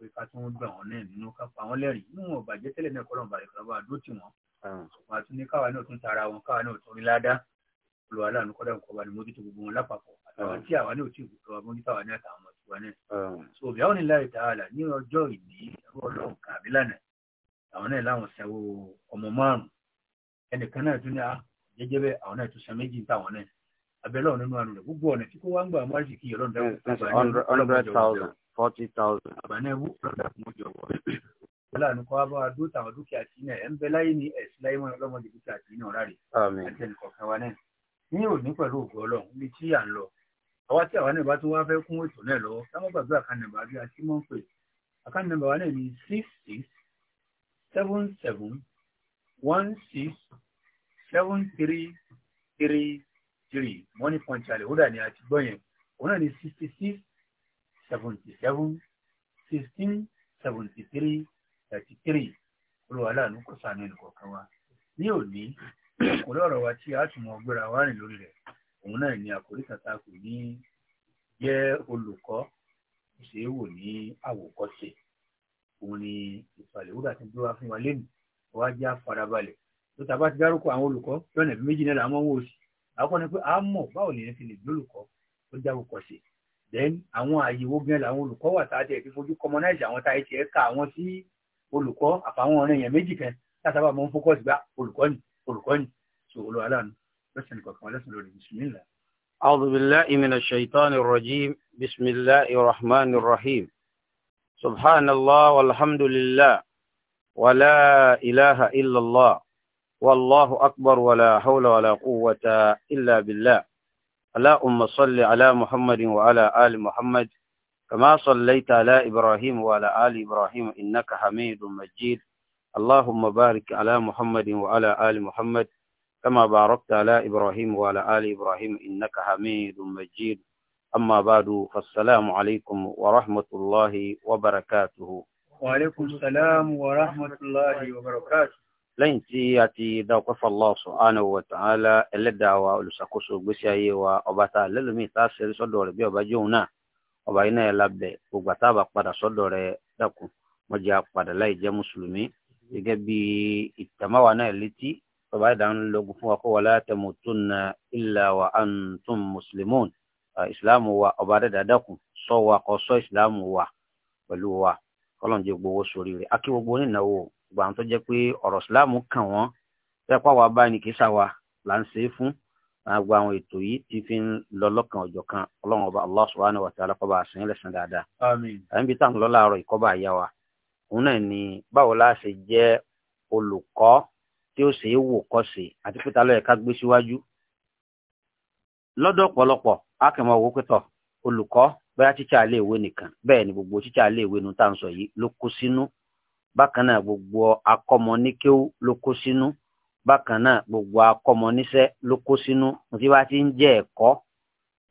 pé ká tí wọ́n gbà wọ́n náà nínú ká pa wọ́n lẹ́rìn inú wọn bàjẹ́ tẹ́lẹ̀ náà kọ́lọ́mù bàrẹ̀ kọ́lọ́mù àdó tì wọ́n wọn àti ní káwa náà tún tara wọn káwa náà tún rí ládá olùwà láàánú kọ́dà ń kọ́ba ni mójútó gbogbo wọn lápapọ̀ àtàwọn tí àwa náà tí ìbùkún wa mójútó àwa náà àtàwọn ọmọ tiwa náà so òbí àwọn nílá ìtaàlà ní ọjọ́ ìní ẹ̀rọ ọlọ́run kàbí lánàá àwọn náà láwọn sanwó ọmọ márùn ẹnìkan náà tún ní ah, forty thousand. àbáná ewu lọ́dà fún ojú ọ̀wọ́. wọ́n lànà kọ́ abọ́ adó tàwọn dúkìá sí náà ẹ̀ ń bẹ láyé ní ẹ̀sìn láyé wọn lọ́mọdé dúkìá sí náà rárẹ̀. àmín àti ẹnìkọ̀ọ̀kan wa náà ní òní pẹ̀lú ògùn ọlọ́run níbi tí à ń lọ àwa tí àwa náà bá tún wá fẹ́ kún ètò náà lọ́wọ́ ká má gbàgbé àkànnàmbà bí a ti mọ̀ ń pè àkànnàmbà wa náà ní six six seven seven one six seven three three three money point challenge ó dà ní àtìgbọ́ yẹn òun náà ní sixty six 77 16 73 33 olùwàlà ló kó sànú ẹnìkọ̀ọ̀kan wa ní òní ọ̀pọ̀lọ́ ọ̀rọ̀ wa tí a tún mọ gbéra wá rìn lórí rẹ̀ òun náà ni àkórí kàtà kò ní jẹ́ olùkọ́ ìṣèwò ní àwòkọ́ṣe òun ni ìsàlẹ̀ wúrà tí ń gbé wá fún wa lẹ́nu wá já farabalẹ̀ tó tàbá ti dárúkọ àwọn olùkọ́ lọ́nà méjì náà làwọn wò sí àkọ́ni pé a mọ̀ báwo lè fi lè gbé olùkọ́ tó jáwòkọ́ṣe then àwọn ààyè wo gan làwọn olùkọ́ wà tá a tiẹ̀ fi fojú commonize àwọn tá a tiẹ̀ ka àwọn sí olùkọ́ àfàwọn ọ̀rẹ́ yẹn méjì kan látàbà mọ́ focus gba olùkọ́ ni olùkọ́ ni so olùwà lánàá lọ́sẹ̀ nìkan kan lọ́sẹ̀ lórí bismillah. أعوذ بالله من الشيطان الرجيم بسم الله الرحمن الرحيم سبحان الله والحمد لله ولا إله إلا الله والله أكبر ولا حول ولا قوة إلا بالله اللهم صل على محمد وعلى آل محمد كما صليت على إبراهيم وعلى آل إبراهيم إنك حميد مجيد اللهم بارك على محمد وعلى آل محمد كما باركت على إبراهيم وعلى آل إبراهيم إنك حميد مجيد أما بعد فالسلام عليكم ورحمة الله وبركاته وعليكم السلام ورحمة الله وبركاته lẹ́yìn tí a ti dá ọpẹ́ fún Allah subhanahu wa ta'ala ẹlẹ́dàá wa olùṣàkóso gbèsè ayé wa ọba tá a lẹ́lòmíì tá a ṣẹlẹ̀ sọ́dọ̀ rẹ̀ bí ọba jóun náà ọba yìí náà yẹ labẹ́ gbogbo àtàbà padà sọ́dọ̀ rẹ̀ dákun wọ́n jẹ́ apàdà láì jẹ́ mùsùlùmí gẹ́gẹ́ bí ìtàmáwa náà létí ọba yìí dáhùn lọ́gùn fún wa kó wala tamutunna illa wa antum muslimun ìsìláàmù wa ọba dẹ́dà dákun sọ wa kó sọ ìsìláàmù wa pẹ̀lú wa kọ́lọ́njẹ́ gbogbo àwọn tó jẹ́ pé ọ̀rọ̀ síláàmù kàn wọ́n tẹ́pá wa bá ní kí sáwa là ń ṣe é fún gbogbo àwọn ètò yìí ti fi ń lọ lọ́kàn ọjọ́ kan ọlọ́run ọba Allah subhanahu wa ta'ala kọ́ba àṣeyìn lẹ́sìn dáadáa. àmín. àyìnbí táwọn lọ́la àárọ̀ ìkọ́ba àyà wa òun náà ni báwo la ṣe jẹ́ olùkọ́ tí ó ṣe é wò kọ́ sí àti pété lọ́yẹ̀ ká gbé síwájú. lọ́dọ̀ ọ̀pọ̀lọpọ̀ a kì pẹ́tọ̀ olùkọ́ bóyá tíṣà iléèwé nìkan bẹ́ẹ̀ ni gbogbo tíṣà iléèwé nu tá sọ yìí ló kó sínú bákan náà gbogbo akọ́mọ níkéwú ló kó sínú bákan náà gbogbo akọ́mọ níṣẹ́ ló kó sínú tí wàá ti ń jẹ́ ẹ̀kọ́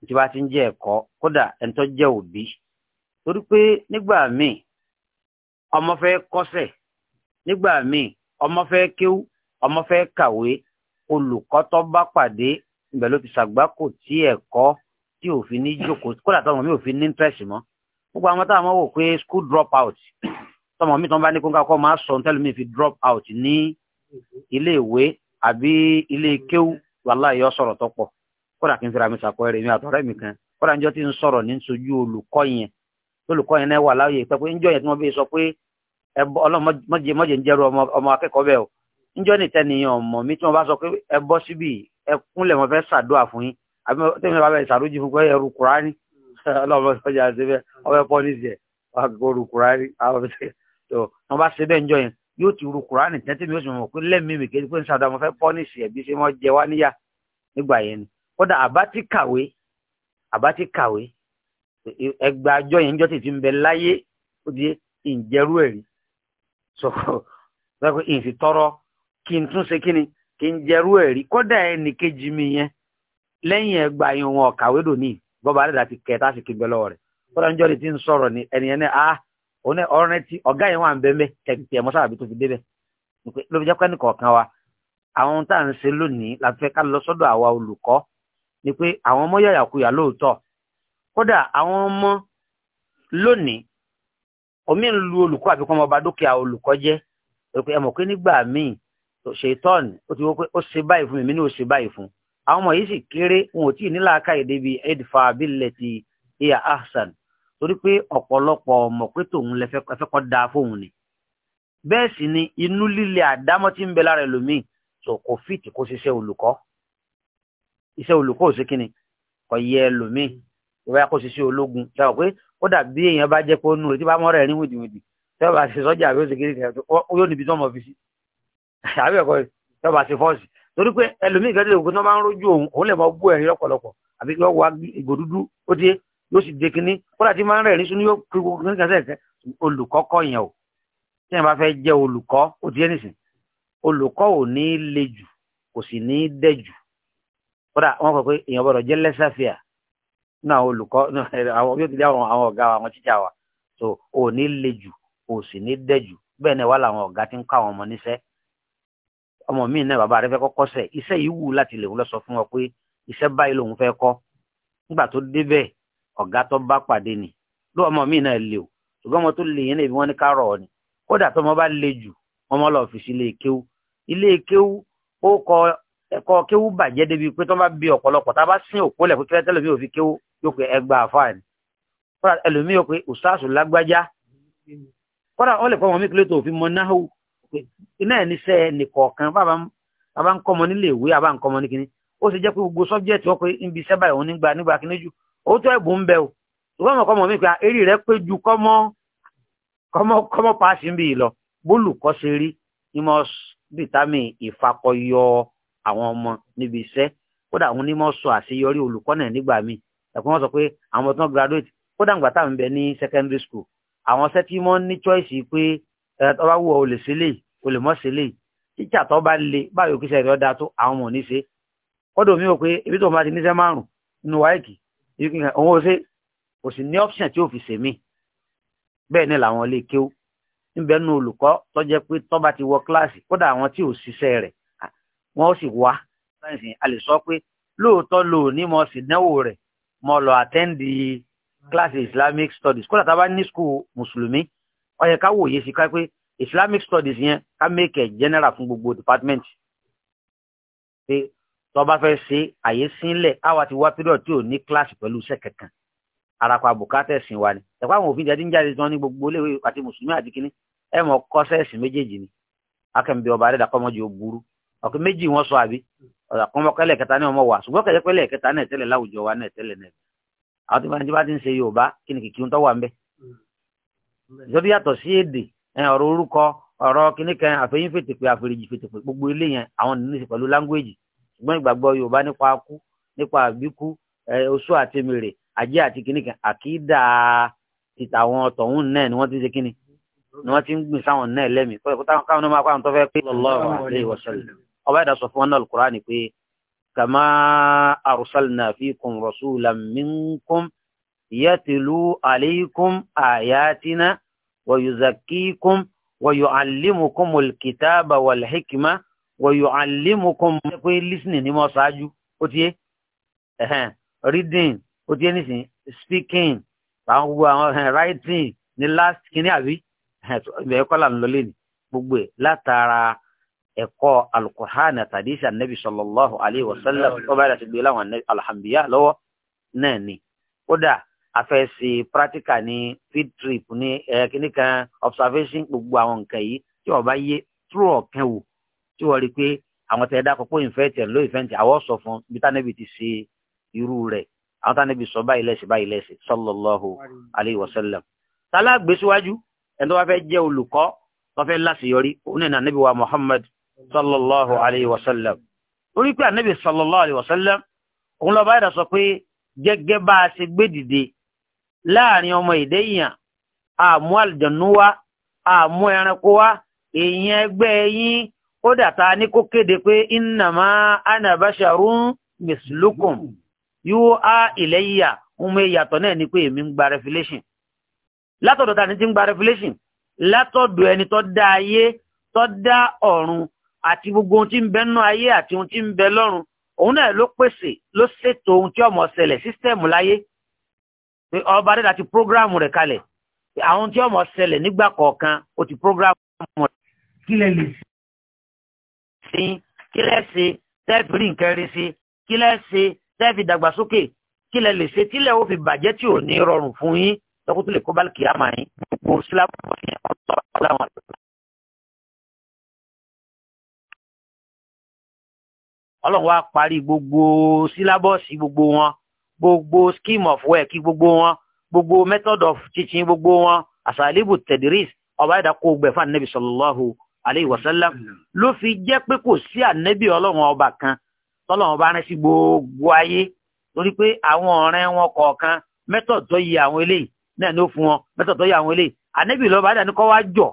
tí wàá ti ń jẹ́ ẹ̀kọ́ kódà ẹni tó jẹ́ òbí torí pé nígbà míì ọmọ fẹ́ kọ́ṣẹ́ nígbà míì ọmọ fẹ́ kéwú ọmọ fẹ́ kàwé olùkọ́ tó bá pàdé ìgbẹ́ ló ti ṣàgbákò tí ẹ̀kọ́ tí òfin ní jókòó kódà tó ọmọ mi òfin ní interest mọ́ gbogbo àwọn táwọn wò pé school drop out tọmọ mi tán bá ní kó ká kọ́ máa sọ ní tẹ́lẹ̀ mi fi drop out ní ilé ìwé àbí ilé kéwù wàhálà yọ sọ̀rọ̀ tó pọ̀ kódà kí n fira mi sàkọ́ rẹ̀ mi àtọ̀rẹ́ mi kan kódà níjọ́ tí ń sọ̀rọ̀ ní sojú olùkọ́ yẹn olùkọ́ yẹn náà wà láàyè pé níjọ́ yẹn tí wọ́n bẹ sọ pé ẹbọ ọlọ́mọdé mọ́jẹ ń jẹ́rú ọmọ akẹ́kọ̀ọ́ bẹ́ẹ̀ o níjọ́ nìtẹ́ nìyẹn ọmọ mi tí wọ́n bá sọ pé ẹ bọ́ síbì ẹ kúnlẹ̀ mo fún yín àbí tẹ́mi bá bẹ̀ ṣàrújì fún pé ẹrù kùránì ọlọ́mọdé mọ́jẹ àti ọmọ ẹ̀kọ́ níṣẹ́ ọkọ̀ rù kùránì àwọn ọmọdé tó wọn bá ṣe bẹ́ẹ̀ ń jọ yẹn yóò ti ru kuraani tẹ́tí mi ó sì mọ̀ pé lẹ́mìí mi kéde pé ń sàdọ̀ àwọn fẹ́ pọ́nìṣì ẹ̀bí ṣe wọ́n jẹ wá níyà nígbà yẹn ni kódà àbá ti kàwé àbá ti kàwé ẹgbàá àjọ yẹn ń jọ́ tètè ń bẹ láyé ó di ìjẹ́rú ẹ̀rí sọ pé ìfi tọrọ kí n tún ṣe kí ni kí n jẹ́rú ẹ̀rí kódà ẹnì kejì mi yẹn lẹ́yìn ẹgbàá yẹn wọn kàwé dòní bọ́ba alẹ́ dàti kẹta sì kí n bẹ lọ́wọ́ rẹ̀ kódà ń jọ́ oní ọ̀rọ̀ náà ti ọ̀gá yẹn wà ń bẹ́ẹ̀ mẹ́ kẹ̀kẹ́ ẹ̀ mọ́sára bí tó fi débẹ̀ ló fi jẹ́ pẹ́ẹ́nì kọ̀ọ̀kan wa àwọn ohun tá à ń ṣe lónìí la fẹ́ ká lọ sọ́dọ̀ àwa olùkọ́ ni pé àwọn ọmọ yàyàkuyà lóòótọ́ kódà àwọn ọmọ lónìí omi ń lu olùkọ́ àbí kọ́ ọmọ ọba dúkìá olùkọ́ jẹ́ ẹ mọ̀ pé nígbà míì ṣètọ́n ó ti wọ́n pé ó ṣe báyìí fún mi ní ó ṣe báyìí fún àwọn ọmọ yìí sì kéré wọn ò tí ì nílàákàyè débi edfa abilẹ̀ ti iya ahsan torí pé ọ̀pọ̀lọpọ̀ ọmọ pé tòun lẹ fẹ́ kọ́ da fóun ni bẹ́ẹ̀ sì ni inú líle àdámọ́ tí ń bẹ lára ẹlòmíì tó kò fìtì kó ṣiṣẹ́ olùkọ́ iṣẹ́ olùkọ́ ò sí kíni kò yẹ ẹlòmíì tó bá kó ṣiṣẹ́ ológun ṣe wà pé ó dàbí èèyàn bá jẹ́ pé ó nù rẹ̀ tí bá mọ́ rẹ̀ rí wìdìwìdì tí wọ́n bá ṣe sọ́jà àbí oṣù kiri kẹrẹ yóò níbi tí mọ̀ fi sí àbí ẹ̀kọ́ tí wọ́n bá ṣe fọ́ọ̀sì torí pé ẹlòmíì kẹ́tẹ́ yóò sì dé kínní kódà tí máa ń rẹ̀ ní sunu yóò kí gbogbo kínní kan sẹ́ẹ̀kẹ́ olùkọ́ kọ́ yẹn o tí yẹn bá fẹ́ jẹ́ olùkọ́ ó ti yẹ́ nìsín olùkọ́ ò ní le jù kò sì ní dẹ̀ jù kódà wọ́n kọ pé èèyàn gbọ́dọ̀ jẹ́ lẹ́sàfíà ní àwọn olùkọ́ àwọn bí ti dé àwọn ọ̀gá àwọn tíṣà wa so ò ní le jù kò sì ní dẹ̀ jù bẹ́ẹ̀ náà wà láwọn ọ̀gá tí ń kọ́ àwọn ọmọ níṣẹ́ ọmọ mi náà bàbá rẹ fẹ́ kọ́kọ́ sẹ̀ iṣẹ́ yìí wù láti lè ń lọ sọ fún ọ pé iṣẹ́ báyìí lòun fẹ́ kọ́ nígbà tó débẹ̀ ọ̀gá tó bá pàdé ni lóò ọmọ mi náà lè o ṣùgbọ́n ọmọ tó lè yẹn níbi wọn ní kárọ̀ ọ ni kódà tó ọmọ bá le jù ọmọ lọ fi sí ilé kéwú ilé kéwú ó kọ ẹ̀kọ́ kéwú bàjẹ́ débi pé tó bá bí ọ̀pọ̀lọpọ̀ tá a bá sín òkú lẹ̀ pé tẹ́lẹ̀mí ò fi kéwú yóò pé ẹgbà àfáàní kódà ẹlòmí yóò pé òṣàṣù lágbájá kódà ó lè kọ́ ọmọ mi kílé tó fi mọ náà iná ẹ̀ níṣẹ́ nìkọ̀ọ̀kan bàbá ń kọ́ ọmọ nílé ìwé àbá ń kọ́ ọmọ ní kinní ó sì jẹ́ pé gbogbo sọ́bjẹ́tì wọ́n pé ń bi iṣẹ́ báyìí òun nígbà nígbà kinní jù ó tó ẹ̀bùn ń bẹ o ṣùgbọ́n mọ̀ kọ́mọ mi pé eré rẹ pé ju kọ́mọ kọ́mọ kọ́mọ paasi ń bì í lọ bólùkọ́ ṣe rí ni mo bìtámì ìfakọyọ àwọn ọmọ níbi iṣẹ́ kódà àwọn onímọ̀ sọ àṣeyọrí olùkọ́ náà nígbà míì ẹ̀kọ́ wọn sọ pé àwọn ọmọ tó ń graduate kódà ńgbà táwọn bẹ ní secondary school àwọn ọsẹ tí wọ́n ní choice pé ẹ̀rọ bá wù ọ́ o lè ṣe léyìí o lè mọ́ ṣe léyìí tíjà tó bá le báyìí òkè ṣe ẹ̀rọ da tó àwọn ọmọ ní ṣe kódà omi wò pé ibi tó ń bá ti níṣẹ́ márùn-ún nínú wáìkì òun ò ṣe kò sì ní option tí ó fi ṣèmí bẹ́ẹ̀ ni làwọn ilé kéwú níbẹ̀ nu olùkọ́ tó jẹ́ pé tó bá ti wọ kíláàsì kódà àwọn tí ò ṣiṣẹ́ rẹ̀ wọ́n sì wá sáyẹ̀nsì a lè sọ pé lóòótọ́ lò ní mo sì dánwò rẹ̀ mo lọ àtẹ́ǹdì kíláàsì islamic studies kódà tá a bá ní skul mùsùlùmí ó ká wòye sí ká pé islamic studies yẹn ká make a general fún gbogbo department tó bá fẹ́ ṣe àyè sílẹ̀ àwa ti wá pírọ̀ tí ò ní kíláàsì pẹ̀lú iṣẹ́ kankan arapa bùkátà ẹ̀sìn wa ni ẹ̀kọ́ àwọn òfin jáde ń jáde tán ní gbogbo iléèwé àti mùsùlùmí àti kínní ẹ̀ mọ̀ kọ́sẹ́ ẹ̀sìn méjèèjì ni akẹ́mi ọba rẹ̀ dàkọ́ mọ́jú ògbúrú ọ̀kẹ́ méjì wọ́n sọ àbí ọ̀dàkọ́mọkẹ́lẹ̀ kẹta náà ọmọ wa ṣùgbọ́n kẹ̀kẹ́lẹ̀ kẹta náà tẹ́lẹ̀ láwùjọ wa náà tẹ́lẹ̀ náà àwọn tí wọ́n ti bá ti ń ṣe Yorùbá kí ni kìkì ń tọ́wà ń bẹ́ ìjọba yàtọ̀ sí èdè ọ̀rọ̀ orúkọ ọ̀rọ̀ kíníkan àfẹ́yìn fètèpè àfẹ́rẹ́jì fètèpè gbogbo ilé yẹn àwọn nínú ìṣe pẹ̀lú ṣùgbọ́n ìgbàgbọ́ yorùbá nípa akú nípa àbíkú oṣù àti mèrè ajé àti kìnìkan àkídà ìtàwọn tọ̀hún náà ni wọ́n ti ṣe kíni ni wọ́n ti ń gbìn sáwọn náà lẹ́mí káwọn náà máa kó àwọn tó fẹ́ pé sallallahu alaihi wasallam ọba ìdásọ fún ọ́nà al wal hikma wọ̀yọ̀ àlémokùn mọ́ pé listening ni mo ṣáájú ó ti yé reading ó ti yé speaking àwọn gbogbo àwọn writing ní last kínní àbí ìbẹ̀rẹ̀ kọ́là ń lọlé ni gbogbo ẹ̀ látara ẹ̀kọ́ alukur'an àtàdé ìṣà nẹ́bí sallallahu alayhi wa sallam ọba ìdàtí gbé láwọn alhambiya lọ́wọ́ náà ni kódà afẹ́sí practical ní field trip ní ẹ̀ẹ́kíní kan observation gbogbo àwọn nǹkan yìí tí wọ́n bá yé true ọ̀kẹ́ wò tí wọ́n rí i pé àwọn tẹ̀ dákọ̀ pé ìfẹ́ǹtì ẹ̀ ló ìfẹ́ǹtì àwọn sọ fún bí tánẹ́bì ti ṣe irú rẹ̀ àwọn tánẹ́bì sọ báyìí lẹ́sìn báyìí lẹ́sìn sallallahu alayhi wa sallam. tálá gbèsíwájú ẹni tó bá fẹ́ jẹ́ olùkọ́ tó fẹ́ láṣeyọrí òun náà nàbí wa Muhammad sallallahu alayhi wa sallam. orí pé ànábì sallallahu alayhi wa sallam òun lọ báyìí láàrin ọmọ ìdẹ́yìn àmú àlùjọ̀nú wa àmú ẹranko wa èèyàn ẹgbẹ́ yín kódà ta ní kó kéde pé innama ana basharun mislukum yóò á ilayya ohun ìyàtọ̀ náà ni pé èmi ń gba revelation látọ̀dọ̀ ta ni ti ń gba revelation látọ̀dọ̀ ẹni tó dá ayé tó dá ọ̀run àti gbogbo ohun tí ń bẹ nínú ayé àti ohun tí ń bẹ lọ́run òun náà ló pèsè ló ṣètò ohun tí ọmọ ṣẹlẹ̀ sísítẹ̀mù láyé ọba dẹ́dà ti prógráàmù rẹ̀ kalẹ̀ àwọn tí ọmọ ṣẹlẹ̀ nígbà kọ̀ọ̀kan ó ti prógráàmù rẹ̀. kí lè ṣe sí kí lẹ́ ṣe tẹ́ẹ̀fì rí nǹkan rí sí kí lẹ́ ṣe tẹ́ẹ̀fì dàgbàsókè kí lẹ́ lè ṣe tí lẹ́ ó fi bàjẹ́ tí ò ní rọrùn fún yín lọ́kùn tó lè kó bálùkì àmà yín gbogbo sílábù yẹn ọ̀tọ̀ ọ̀làwọn àlọ́. ọlọ́run wá parí gbogbo sílábọ̀sì gbogbo wọn gbogbo scheme of work gbogbo wọn gbogbo method of teaching gbogbo wọn àṣàlíbù tẹ̀dírís ọba ẹ̀dá kó gbẹ̀ fún ànábì sallallahu alayhi wa sallam mm. ló fi jẹ́ pé kò sí ànẹ́bí ọlọ́run ọba kan tọ́lọ́run ọba rán sí gbogbo ayé torí pé àwọn ọ̀rẹ́ wọn kọ̀ọ̀kan mẹ́tọ̀ọ̀tọ̀ yìí àwọn eléyìí náà ló fún wọn mẹ́tọ̀ọ̀tọ̀ yìí àwọn eléyìí ànẹ́bí lọ́ba dání kọ́ wá jọ̀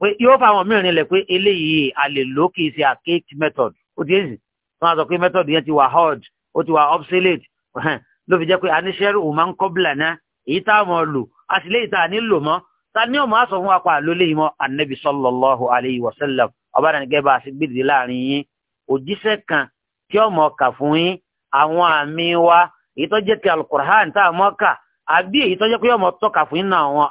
pé yóò fa àwọn mìíràn nílẹ̀ pé eléyìí a lè kì í ṣe àkéèkì method ó ti èsì wọn sọ pé method yẹn ti wà hard ó ti wà obsolete ló fi jẹ́ pé aníṣẹ́rù ò máa ń kọ́ bìlànà èyí tá a mọ̀ lò àtìlẹ́yìn tá a nílò mọ́ tani ọmọ aṣọ fún apá lólè ìmọ̀ annabi sallallahu alayhi wa sallam ọba dàní gẹ́gẹ́ bá a ṣe gbèdìdì láàrin yín òjíṣẹ́ kan tí ọmọ kà fún yín àwọn àmì wa èyí tó jẹ́ ti alukur'an tá a kà àbí èyí tó jẹ́ pé ọmọ tọ́ka fún ọba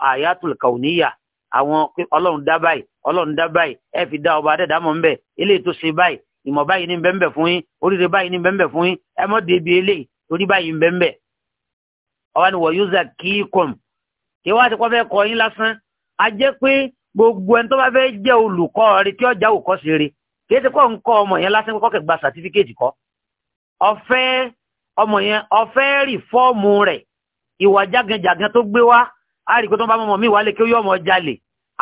eléyìí tó ṣe báyìí báyìí ní fún yín oríire báyìí ní fún yín kí wá ti kọ́ fẹ́ kọ́ yín lásán a jẹ́ pé gbogbo ẹni tó bá fẹ́ jẹ́ olùkọ́ rẹ tí ọjà òkọ́ sí rẹ kí ti kọ́ ń kọ́ ọmọ yẹn lásán kọ́kẹ́ gba sàtífíkèètì kọ́ ọ̀fẹ́ ọmọ yẹn ọ̀fẹ́ rì fọ́ọ̀mù rẹ̀ ìwà jágẹjàgẹ tó gbé wá a rí pé tó bá mọ̀ mí wálé kí ó yọ ọmọ jalè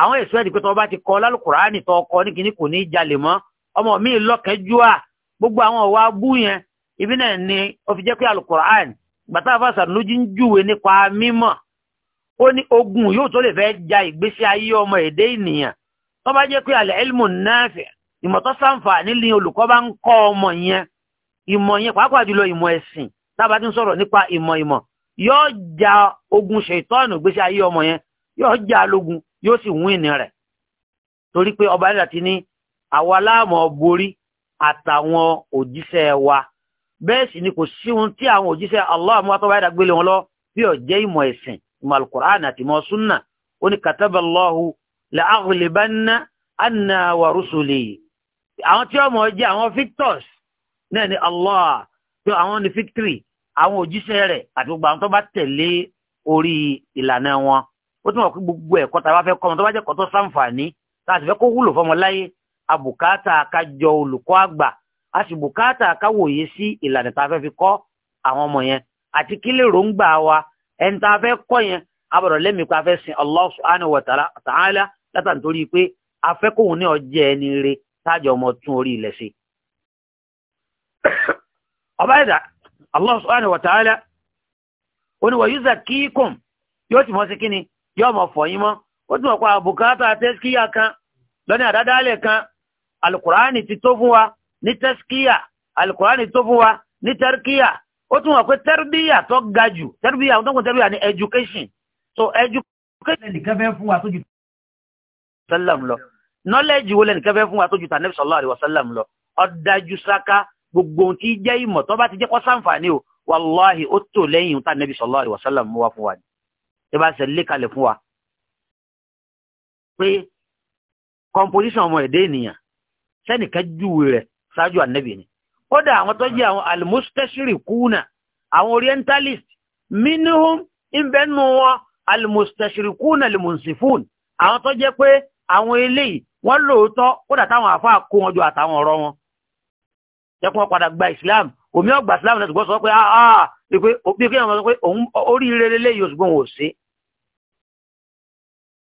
àwọn èso ẹ̀dì pé tó bá ti kọ́ lálùkùránì tó kọ́ ní kíní kò ní jalè mọ́ ọmọ mi lọ́kẹ́júà gbogbo àwọn ọ̀wá bú yẹn ibi náà ni ó fi jẹ́ pé alùkùránì gbàtà fásitì lójú ń júwe nípa mímọ̀ ó ní ogun yóò tó lè fẹ́ ja ìgbésí ayé ọmọ èdè ènìyàn tó bá jẹ́ pé àlẹ́ elmu náàfẹ̀ ìmọ̀ tó sàǹfààní olùkọ́ bá ń kọ́ ọmọ yẹn ìmọ̀ yẹn pàápàá jùlọ ìmọ̀ ẹ̀sìn tábà ti ń sọ̀rọ̀ nípa ìmọ̀ ìmọ̀ yóò ja ogun ṣètọ́ọ̀nù ìgbésí ayé ọmọ yẹn yóò ja lógun yóò sì wún ìní rẹ̀ torí pé ọba ní àwa láàmú borí àtàwọn wa bẹ́ẹ̀ ni kò tí àwọn òjíṣẹ́ gbélé wọn lọ bí ìmọ̀ mọ alukur'an àti mọ sunna ó ní kataballahu la aghlibanna anna wa rusuli àwọn tí ọmọ jẹ àwọn victors náà ni allah tó àwọn ni victory àwọn òjíṣẹ́ rẹ̀ àti gbogbo àwọn tó bá tẹ̀lé orí ìlànà wọn ó tún wọ́n pé gbogbo ẹ̀kọ́ tá a bá fẹ́ kọ́ ọmọ tó bá jẹ́ kọ́ tó sàǹfààní tá a sì fẹ́ kó wúlò fọmọ láyé àbùkátà kájọ olùkọ́ àgbà a sì bùkátà káwòye sí ìlànà tá a fẹ́ fi kọ́ àwọn ọmọ yẹn àti kí lè ròǹgbà wa ẹni tá a fẹ́ kọ́ yẹn abọ̀rọ̀ lẹ́mìí pé a sin Allah subhanahu wa ta'ala látàn torí pé a fẹ́ kóhun ní ọjẹ́ ẹni re tájọ ọmọ tún orí ilẹ̀ sí. ọba ẹ̀dá Allah subhanahu wa ta'ala oníwọ̀ yuzakkikum yóò ti mọ́ sí kíni yóò mọ̀ fọ̀yín mọ́ ó tún ọ̀pọ̀ àbùkátà tẹ́síkíyà kan lọ́ní àdádálẹ̀ kan alukurani ti tó fún wa ní tẹ́síkíyà alukurani ti tó fún wa ní ó tún wọ́n pé tẹ́rbíyà tó ga jù tẹ́rbíyà tó ń kún tẹ́rbíyà ní education so education nìkan fẹ́ fún wa tó ju sálàm lọ knowledge wo lẹ́nìkan fẹ́ fún wa tó ju tànẹ́bí sallallahu alaihi wasallam lọ ọ̀dájú sáká gbogbo ohun tí jẹ́ ìmọ̀ tó bá ti jẹ́ kó sáǹfààní o wàláhì ó tò lẹ́yìn tànẹ́bí sallallahu alaihi wasallam mú wa fún wa ni ẹ bá ṣe lé kalẹ̀ fún wa pé composition ọmọ ẹ̀dẹ́ ènìyàn sẹ́nìkan júwe rẹ̀ ṣáájú ànẹ́bì ni kódà àwọn tó jẹ́ àwọn almustashirikuna àwọn orientalist minhum ìbẹ́nu wọn almustashirikuna limunsifun àwọn tó jẹ́ pé àwọn eléyìí wọ́n lóòótọ́ kódà táwọn àfáà kó wọn jọ àtàwọn ọ̀rọ̀ wọn jẹ́kún padà gba islam omi ọgbà islam náà ṣùgbọ́n sọ pé àà ah, pípé ah, òbí kí ọmọ sọ pé òun oríire lélẹ́ yóò ṣùgbọ́n wò sí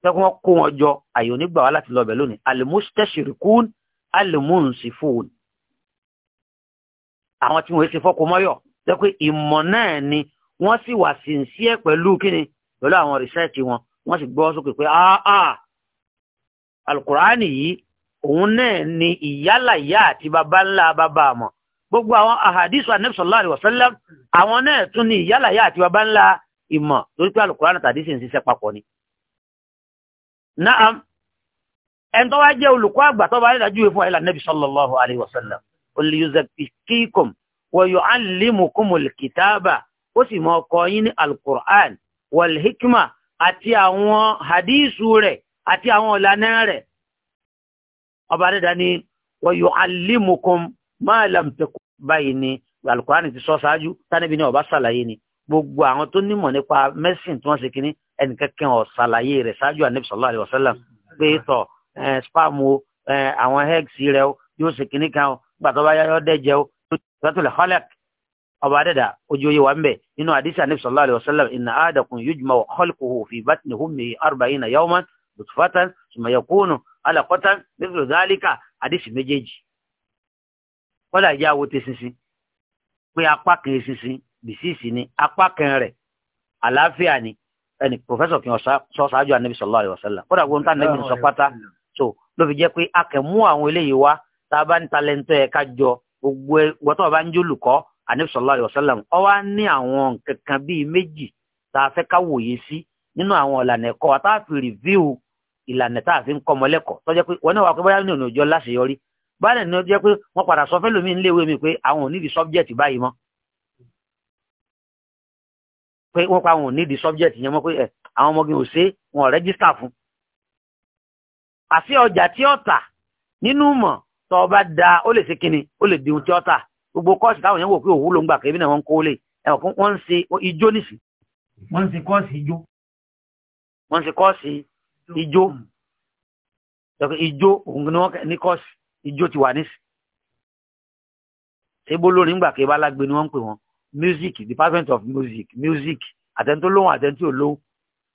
jẹ́kún kó wọn jọ àyè onígbà láti lọ bẹ̀ lónìí alimusitashirikun alimunsifun àwọn tí wọ́n ṣe fọ́kọ mọ́yọ̀ jẹ́ pé ìmọ̀ náà ni wọ́n sì wà sincere pẹ̀lú kíni pẹ̀lú àwọn research wọn wọ́n sì gbọ́ sókè pé áá ah, ah, alukur'ani yìí òun náà ni ìyálà ìyá àti baba ńlá baba àmọ̀ gbogbo àwọn ahadisu anabi sallallahu alaihi wasallam àwọn náà tún ni ìyálà ìyá àti baba ńlá ìmọ̀ torí pé alukur'ani tàbí sì ń ṣiṣẹ́ papọ̀ ni. naam ẹni tó wá jẹ́ olùkọ́ àgbà tó bá rí dájú ìfún àyílà anabi sallallahu alaihi wasallam olùyùzàkìkìkùm wọ̀yọ̀ alìmùkùmùl kìtàbà ó sì mọ ọkọ yín ní alukur'an wàlhíkìmà àti àwọn hadisu rẹ̀ àti àwọn ọ̀lànà rẹ̀ ọba dẹ́dá ni wọ̀yọ̀ alìmùkùm máa làmtẹ̀kù báyìí ni alukur'an ti sọ ṣáájú tánibí ni ọba ṣàlàyé ni gbogbo àwọn tó nímọ̀ nípa mẹ́sìn tí wọ́n ṣe kínní ẹnìkankan ò ṣàlàyé rẹ̀ ṣáájú ànábì sallallahu alaihi wasallam pé tọ̀ spam o àwọn eggs rẹ o yóò ṣe kínní kan gbàtọ́ bá yá yọ dẹ́jẹ́ o suratul Falaq ọba adẹ́dà ojú oyè wa ń bẹ̀ nínú àdìsí ànábì sallallahu alayhi wa sallam inna ahadakum yujma'u khalquhu fi batni ummihi arba'ina yawman nutfatan thumma yakunu alaqatan mithlu dhalika àdìsí méjèèjì kọ́lá ìyá awo tẹ sinsin pé apá kan sinsin bìsíìsì ni apá kan rẹ̀ àlàáfíà ni ẹni pòfẹ́sọ̀ kí wọ́n sọ ṣáájú ànábì sallallahu alayhi wa sallam kọ́dà gbọ́n tá ànábì sọ so ló fi jẹ́ pé a kàn mú tá a bá ń talẹ́ntọ́ yẹ ká jọ gbogbo gbọ́tọ̀ bá ń jólùkọ́ anabi sallallahu alaihi wasallam ó wá ní àwọn nǹkan kan bíi méjì tá a fẹ́ ká wòye sí nínú àwọn ìlànà ẹ̀kọ́ wa tá a fi rìvíw ìlànà tá a fi ń kọ́ ọmọlẹ́kọ̀ọ́ tó jẹ́ pé wọn náà wà pé bóyá ní ònà òjọ́ láṣeyọrí báyìí náà ni ó jẹ́ pé wọ́n padà sọ fẹ́lómi ń léwé mi pé àwọn ò nídìí sọ́bjẹ́tì báyìí mọ́ pé wọ́n pa àwọn ò nídìí sọ́bjẹ́tì yẹn mọ́ pé ẹ̀ àwọn ọmọge ò ṣe wọn rẹ́gísítà fún àti ọjà tí ó nínú mọ̀ tọ́ ọ bá da ó lè ṣe kíni ó lè di ohun tí ó tà gbogbo kọ́ọ̀sì táwọn yẹn wò pé òwú ló ń gbà kébí náà wọ́n kó lè ẹ̀wọ̀n kún wọ́n ń ṣe ijó nìsí wọ́n ń ṣe kọ́ọ̀sì ijó wọ́n ń se kọ́ọ̀sì ijó ijó òun ní kọ́ọ̀sì ijó ti wà nísì ṣébó lónìí gbà kébá lágbe ni wọ́n ń pè wọ́n music department of music music àtẹ̀ntó lóhùn àtẹ̀ntó lóhùn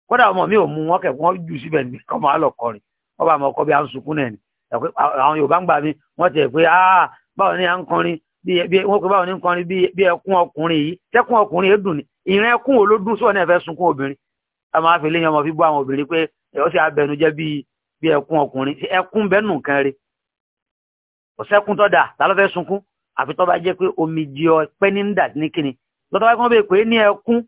kódà ọmọ mi ò mú wọn kẹ̀ wọ́n jù síbẹ̀ ní kọ́mọ àlọ́kọrin wọ́n bá mọ ọkọ bí a ń sunkún náà ni àwọn yorùbá ń gbà mí wọ́n tẹ̀ pé ah báwo ni à ń kọrin bí wọ́n pé báwo ni ń kọrin bí ẹkún ọkùnrin yìí tẹ́kún ọkùnrin èdùn ni ìrìn ẹkún wo ló dún sóò náà fẹ́ sunkún obìnrin a máa fi léyìn ọmọ fi bọ́ àwọn obìnrin pé ó sì abẹnujẹ́ bí ẹkún ọkùnrin ẹkún bẹ́nù kan rí ọ̀sẹ́kún tó dà tá ló fẹ́ sunkún àfi tó bá jẹ́ pé omijì ọpẹ́ ní dà ní kíni lọ́tọ́ bá kí wọ́n pé ní ẹkún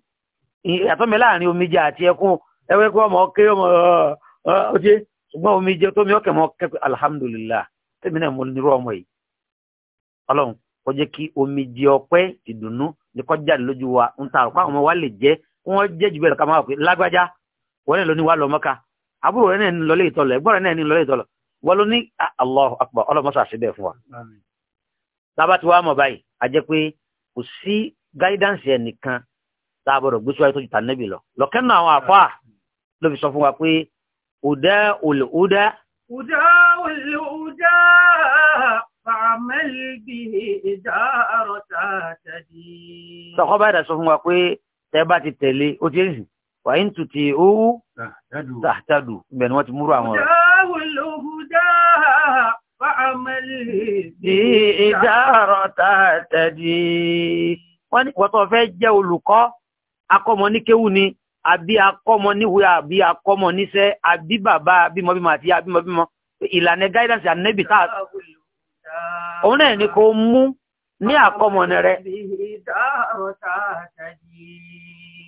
ìyàtọ̀ mi láàrin omijì àti ẹkún ẹwẹ́ ṣùgbọ́n omi jẹ tómi ọkẹ mọ kẹpẹ alihamudulilayi tẹmí náà mo nírú ọmọ yìí Ọlọ́run kó jẹ́ kí omi jẹ ọpẹ́ ìdùnnú ní kọjá lójú wa ń ta àrùkọ àwọn ọmọ wa lè jẹ kí wọn jẹ jù bẹ́ẹ̀ lọkà máa wà pé lágbájá wọn náà ló ní wà lọ mọka àbúrò rẹ náà ní lọlé ìtọlọ ẹ̀gbọ́n rẹ náà ní lọlé ìtọlọ wọn ló ní Allahu akbar ọlọmọsà wa. tába tí wàá mọ̀ Òdá olùhúdá. Òdá olùhúdá fàmẹ́lì bí ìdá àrọ̀ta tàbí. Sọ̀kọ́ bá dà sọ fún wa pé tẹ́ bá ti tẹ̀lé ó ti rìn wà ń tù tí ó wú tàtàdù ibẹ̀ ni wọ́n ti múrò àwọn ọ̀rọ̀. Òdá olùhúdá fàmẹ́lì bí ìdá àrọ̀ta tàbí. Wọ́n ní wọ́n tó fẹ́ jẹ́ olùkọ́ akọ́mọ ní kéwú ni àbí akọ́mọ níwèé àbí akọ́mọ níṣẹ́ àbí bàbá abímọbímọ àti abímọbímọ ìlànà guidance ànẹ́bì tá òun náà ni kò mú ní àkọ́mọ rẹ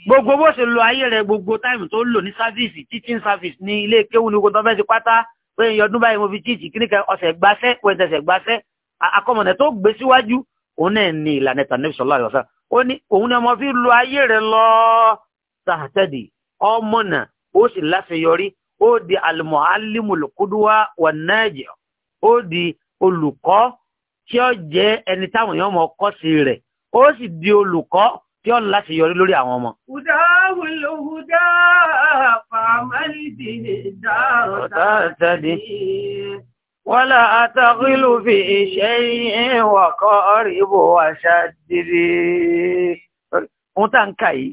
gbogbo bó ṣe lo ayé rẹ gbogbo táìmù tó lò ní sáfíìsì teaching service ní ilé kéwù ní gbogbo ọfẹ́ sí pátá pé ìyọdún báyìí mo fi tíìtì kí nìkan ọ̀sẹ̀ gbáṣẹ́ pẹ̀tẹ̀sẹ̀ gbáṣẹ́ akọ́mọ̀nà tó gbé síwájú òun náà ni ìlànà tànẹ́bì sọ́lá àyọ̀sá tàhtẹ́dì ọmọnà ó sì láṣeyọrí ó di almuallimul qudwa wan naji ó di olùkọ́ tí ó jẹ́ ẹni táwọn èèyàn mọ̀ kọ́ sí rẹ̀ ó sì di olùkọ́ tí ó láti lórí àwọn ọmọ. Hùdáhùlòhùdá fàmálìdì dárọ̀ tààtàdì. Wọ́n lá àtàkìlù fi ìṣẹ́ ìwà kọ́ ọ̀rìbò àṣà dìde. Mú tàǹkà yìí,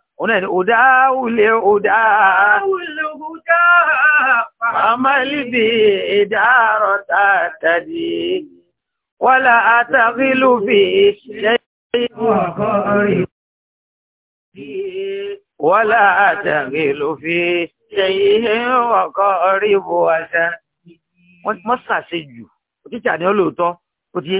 onáyẹni òdá wùlé òdá wùlé òdá fàmálìbì ìdárọ̀ tàtàdì wọ́lá àtàkìlùbì ṣe ولا أتغل في شيء وقارب وشر wọ́n sàṣe jù òtítà ni ó lóòótọ́ ó ti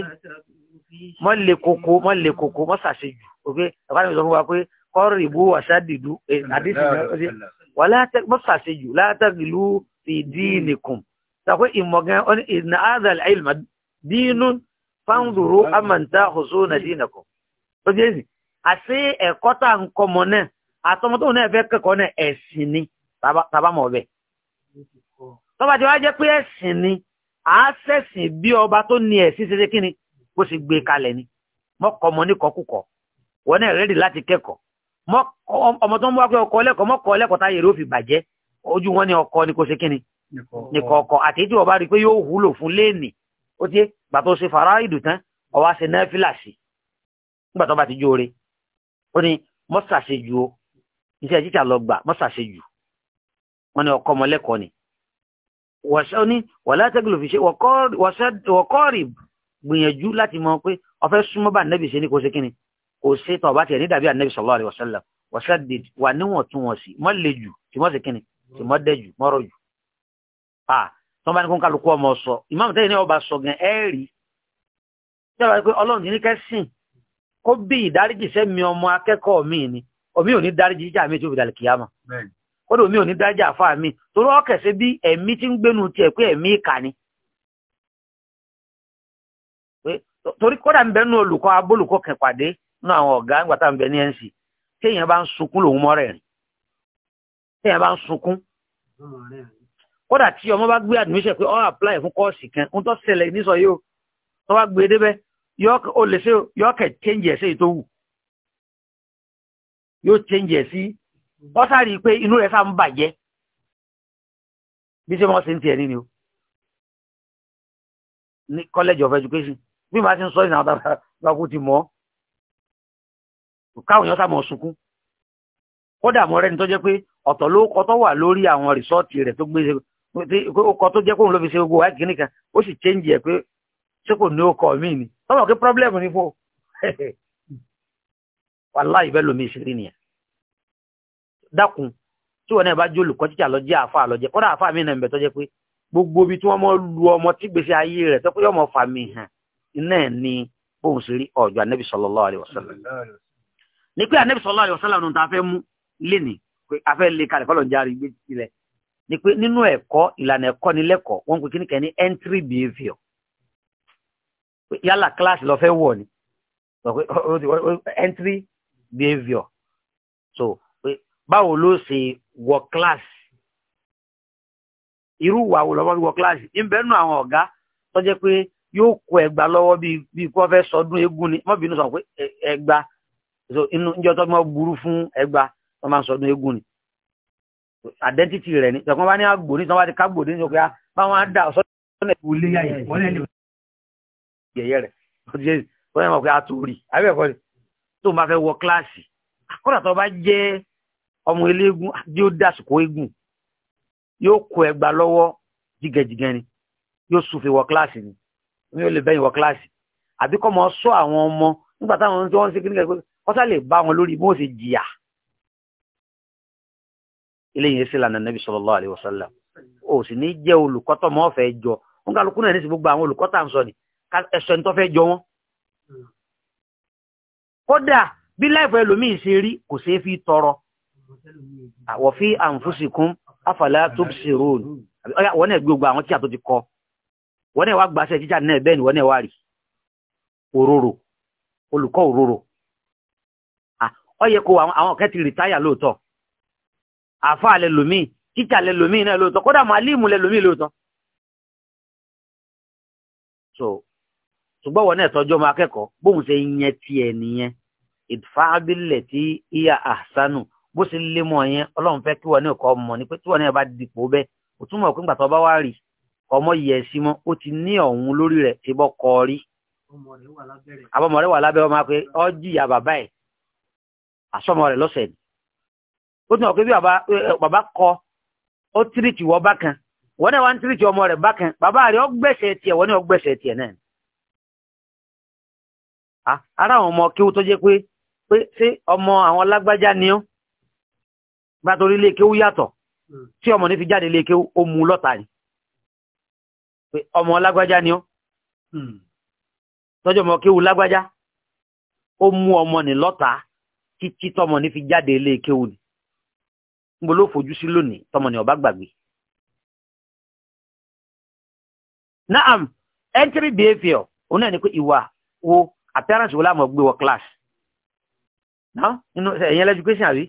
mọ́ lè koko mọ́ lè koko mọ́ sàṣe jù òkè bàbá mi fún wa pé kọ́rìbú wàṣádìdú àdìsí ọ̀sẹ̀ wà látàgbọ́sàṣejù látàgbìlú fi dínìkùn tàkó ìmọ̀gán ọ́nà ìdìnà àdàl àìlmà dínú fáńdùrú àmàntà ọ̀sọ́ nà dínàkùn tó jẹ́ ìsìn àti ẹ̀kọ́ tá ń kọmọ náà àtọmọtọ́ náà fẹ́ kẹ́kọ̀ọ́ náà ẹ̀sìn ni tàbámọ̀ ọ̀bẹ tọ́ba ti wá jẹ́ pé ẹ̀sìn ni àásẹ̀sìn bí ọba tó ní ẹ̀sìn ṣe ṣe kí ni bó ṣe gbé kalẹ̀ ni mọ́kọ̀ọ́mọ́ ní kọ́kúkọ̀ wọ́n náà rẹ́dì láti kẹ́kọ̀ọ́ ọmọ tó ń wá pé ọkọ lẹ́kọ̀ọ́ mọ́kọ̀ lẹ́kọ̀ọ́ táyé rẹ̀ ó fi bàjẹ́ ojú wọn ni ọkọ ni kò ṣe kíni nìkọ̀ ọkọ̀ àti tí ọba rí pé yóò wúlò fún léènì ó ti gbà tó ṣe fara ìdù tán ọwá ṣe náfìlà sí nígbà tó bá ti jóore ó ní mọ́sàṣe ju o iṣẹ́ títà lọ gbà mọ́sàṣe ju wọn ni ọkọ ọmọlẹ́kọ̀ọ́ ni wọ́n ní wọ́látẹ́gùlù fi ṣe wọ́kọ́rì gbìyànjú láti mọ̀ pé ọfẹ́ súnmọ́ bá nẹ́bì ṣe ní kò ṣe kò sí tán ọba tiẹ̀ ní dàbí anabi sallallahu alaihi wasallam wasaddid wà níwọ̀ntúnwọ̀nsì mọ́ le jù tí mọ́ sì kíni tí mọ́ dẹ̀ jù mọ́rọ̀ jù. a tọ́ bá ní kó ń kálukú ọmọ sọ ìmáàmù tẹ́yìn náà ọba sọ gan ẹ́ rí tí wọ́n pẹ́ ọlọ́run ní kẹ́sìn kó bí ìdáríjì sẹ́mi ọmọ akẹ́kọ̀ọ́ mi ni omi ò ní dáríjì jíjà mi tí ó fi dàlẹ̀ kìyàmà ó dò omi ò ní dáríjì àfa mi torí ọkẹ̀ sí bí ẹ̀mí tí ń gbénu tiẹ̀ pé ẹ̀mí ìkà ni torí kódà ń bẹ́nu olùkọ́ abólùkọ́ kẹ̀pàdé nínú àwọn ọ̀gá nígbà tá à ń bẹ ní nc téèyàn bá ń sunkún lòun mọ́rẹ̀ rìn téèyàn bá ń sunkún kódà tí ọmọ bá gbé admission pé ọ́n apply fún kọ́ọ̀sì kan ń tọ́ ṣẹlẹ̀ nísọ yóò tó bá gbé e débẹ̀ ó lè ṣe yọ́ọ̀kẹ̀ change ẹ̀ sí èyí tó wù yóò change ẹ̀ sí wọ́n sáré pé inú rẹ̀ sáà ń bàjẹ́ bí ṣe mọ́ sí ń tiẹ̀ nínú ní college of education bí màá ti ń sọ ìnáwó dáadáa lọ́kùn ti mọ́ káwọn èèyàn sáà mọ̀ sunkún kódà mọ́ rẹ́ni tó jẹ́ pé ọ̀tọ̀ ló kọ́ tó wà lórí àwọn rìsọ́ọ̀tì rẹ̀ tó gbé ọkọ̀ tó jẹ́ kóun ló fi ṣe gbogbo wáyé kìíní kan ó sì chẹ́ǹjì ẹ̀ pé ṣé kò ní ọkọ̀ míì ni tọ́wọ́ kí pírọ́blẹ́mù ni fún wàláhì bẹ́ẹ̀ lómi ìṣeré nìyẹn dákun tí wọn náà bá jó olùkọ́ títà lọ́jẹ́ àfa àlọ́jẹ́ kódà àfa mi náà ń bẹ tó jẹ́ pé gbogbo ibi tí wọ́n mọ́ lu ọmọ tí gbèsè ayé rẹ̀ tó pé ọmọ fàmì hàn iná ẹ̀ ni bóun ṣe rí ọ̀jọ̀ anábì sallallahu alaihi wasallam ní pé ànẹ́bí sọlá àlẹ́ ọ̀sálà nùtà afẹ́ mú lénìí pé afẹ́ lè kalẹ̀ kọ́lọ̀ járe gbé tilẹ̀ ní pé nínú ẹ̀kọ́ ìlànà ẹ̀kọ́ ni lẹ́kọ̀ọ́ wọ́n pè kíní entry behaviour yálà kíláàsì lọ fẹ́ wọ̀ ni entry behaviour so báwo ló ṣe wọ kíláàsì irú wà wò lọ́wọ́ wọ kíláàsì ìbẹ́nu àwọn ọ̀gá tó jẹ́ pé yóò kó ẹgbà lọ́wọ́ bíi kó fẹ́ sọdún eégún ni mọ́bìnú sọ pé ẹgbà so inú ìjọ tó máa burú fún ẹgbà wọn máa ń sọdún eégún ni identity rẹ ni tọkàn bá ní àgbò ní sanwó àti kágbò ní sọpé ah, báwọn á dà ọsọ ní ìwúlé yẹyẹ rẹ wọn yẹn mọ pé a tó rí abẹ́ẹ̀kọ́ ni tó máa fẹ́ wọ kíláàsì kódà tó bá jẹ́ ọmọ eléégún yóò dàsìkò eégún yóò kó ẹgbà lọ́wọ́ jìgẹ̀jìgẹ̀ ni yóò súfe wọ kíláàsì ni wọn yóò lè bẹ́yìn wọ kíláàsì àbíkọ́ mọ́ sọ àwọn ọmọ nígbà táwọn ohun tí wọ́n ń ṣe kí nígbà kọ́sá lè bá wọn lórí bóò sì jìyà iléyìn sí lànà nàbí sallallahu alaihi wasallam ó sì ní jẹ́ olùkọ́tọ̀ mọ́ fẹ́ jọ wọn kálukú náà ní sí gbogbo àwọn olùkọ́tà ń sọ ni ẹ̀sọ́ ní tó fẹ́ jọ wọn kódà bí láìpẹ́ ẹlòmíì ṣe rí kò ṣeé fi tọrọ àwọ̀ fi anfusikum afala tubsirun wọ́n náà gbogbo àwọn tí tó ti kọ wọ́n náà wá gbàṣẹ́ jíjà náà bẹ́ẹ̀ ni wọ́n náà wá rí òróró olùkọ́ òróró ó yẹ kó àwọn kẹ́ ti rìtáyà lóòótọ́ àfáà lẹ lòmíì títà lẹ lòmíì náà lóòótọ́ kódà màálímù lẹ lòmíì lóòótọ́ so ṣùgbọ́n wọn náà tọ́jú ọmọ akẹ́kọ̀ọ́ bóun ṣe yẹn tiẹ̀ nìyẹn ìfáàbílẹ̀ tí ìyá àṣánù bó ṣe lé mọ́ yẹn ọlọ́run fẹ́ kí wọn náà kọ́ mọ̀ ni pé tí wọn náà bá dipò bẹ́ẹ̀ ó túmọ̀ pé gbàtọ́ bá wá rí ọmọ yẹ sí mọ́ ó ti ní ọ̀hún lórí rẹ̀ ṣe bọ́ kọ́ rí àbọ̀mọ̀ wà lábẹ́ ọmọ pé ó jìyà bàbá ẹ̀ àsọmọ rẹ̀ lọ́sẹ̀ ni ó ti hàn pé bí bàbá kọ ó tírìtì wọ bákan wọ́n náà wá ń tírìtì ọmọ rẹ̀ bákan bàbá rẹ̀ ó gbẹ̀sẹ̀ tiẹ̀ wọ́n náà ó gbẹ̀sẹ̀ tiẹ̀ ara àwọn ọmọ kéwú tó jẹ́ pé pé ṣé ọmọ àwọn lágbájá ni ó bá torí ilé kéwú yàtọ̀ hmm. tí ọmọ ní fi jáde ilé kéwú ó mú lọ́ta ni pé ọmọ lágbájá ni ó hmm. tọ́jú ọmọ kéwú lágbájá ó mú ọmọ ní lọ́ta títí tọmọ ní fi jáde ilé kéwù ni níbo ló fojú sí lónìí tọmọ ní ọba gbàgbé. naam entry behavior òun náà ni pé ìwà wo appearance wo láàmú gbé wọ class nínú ẹ̀yìn education àbí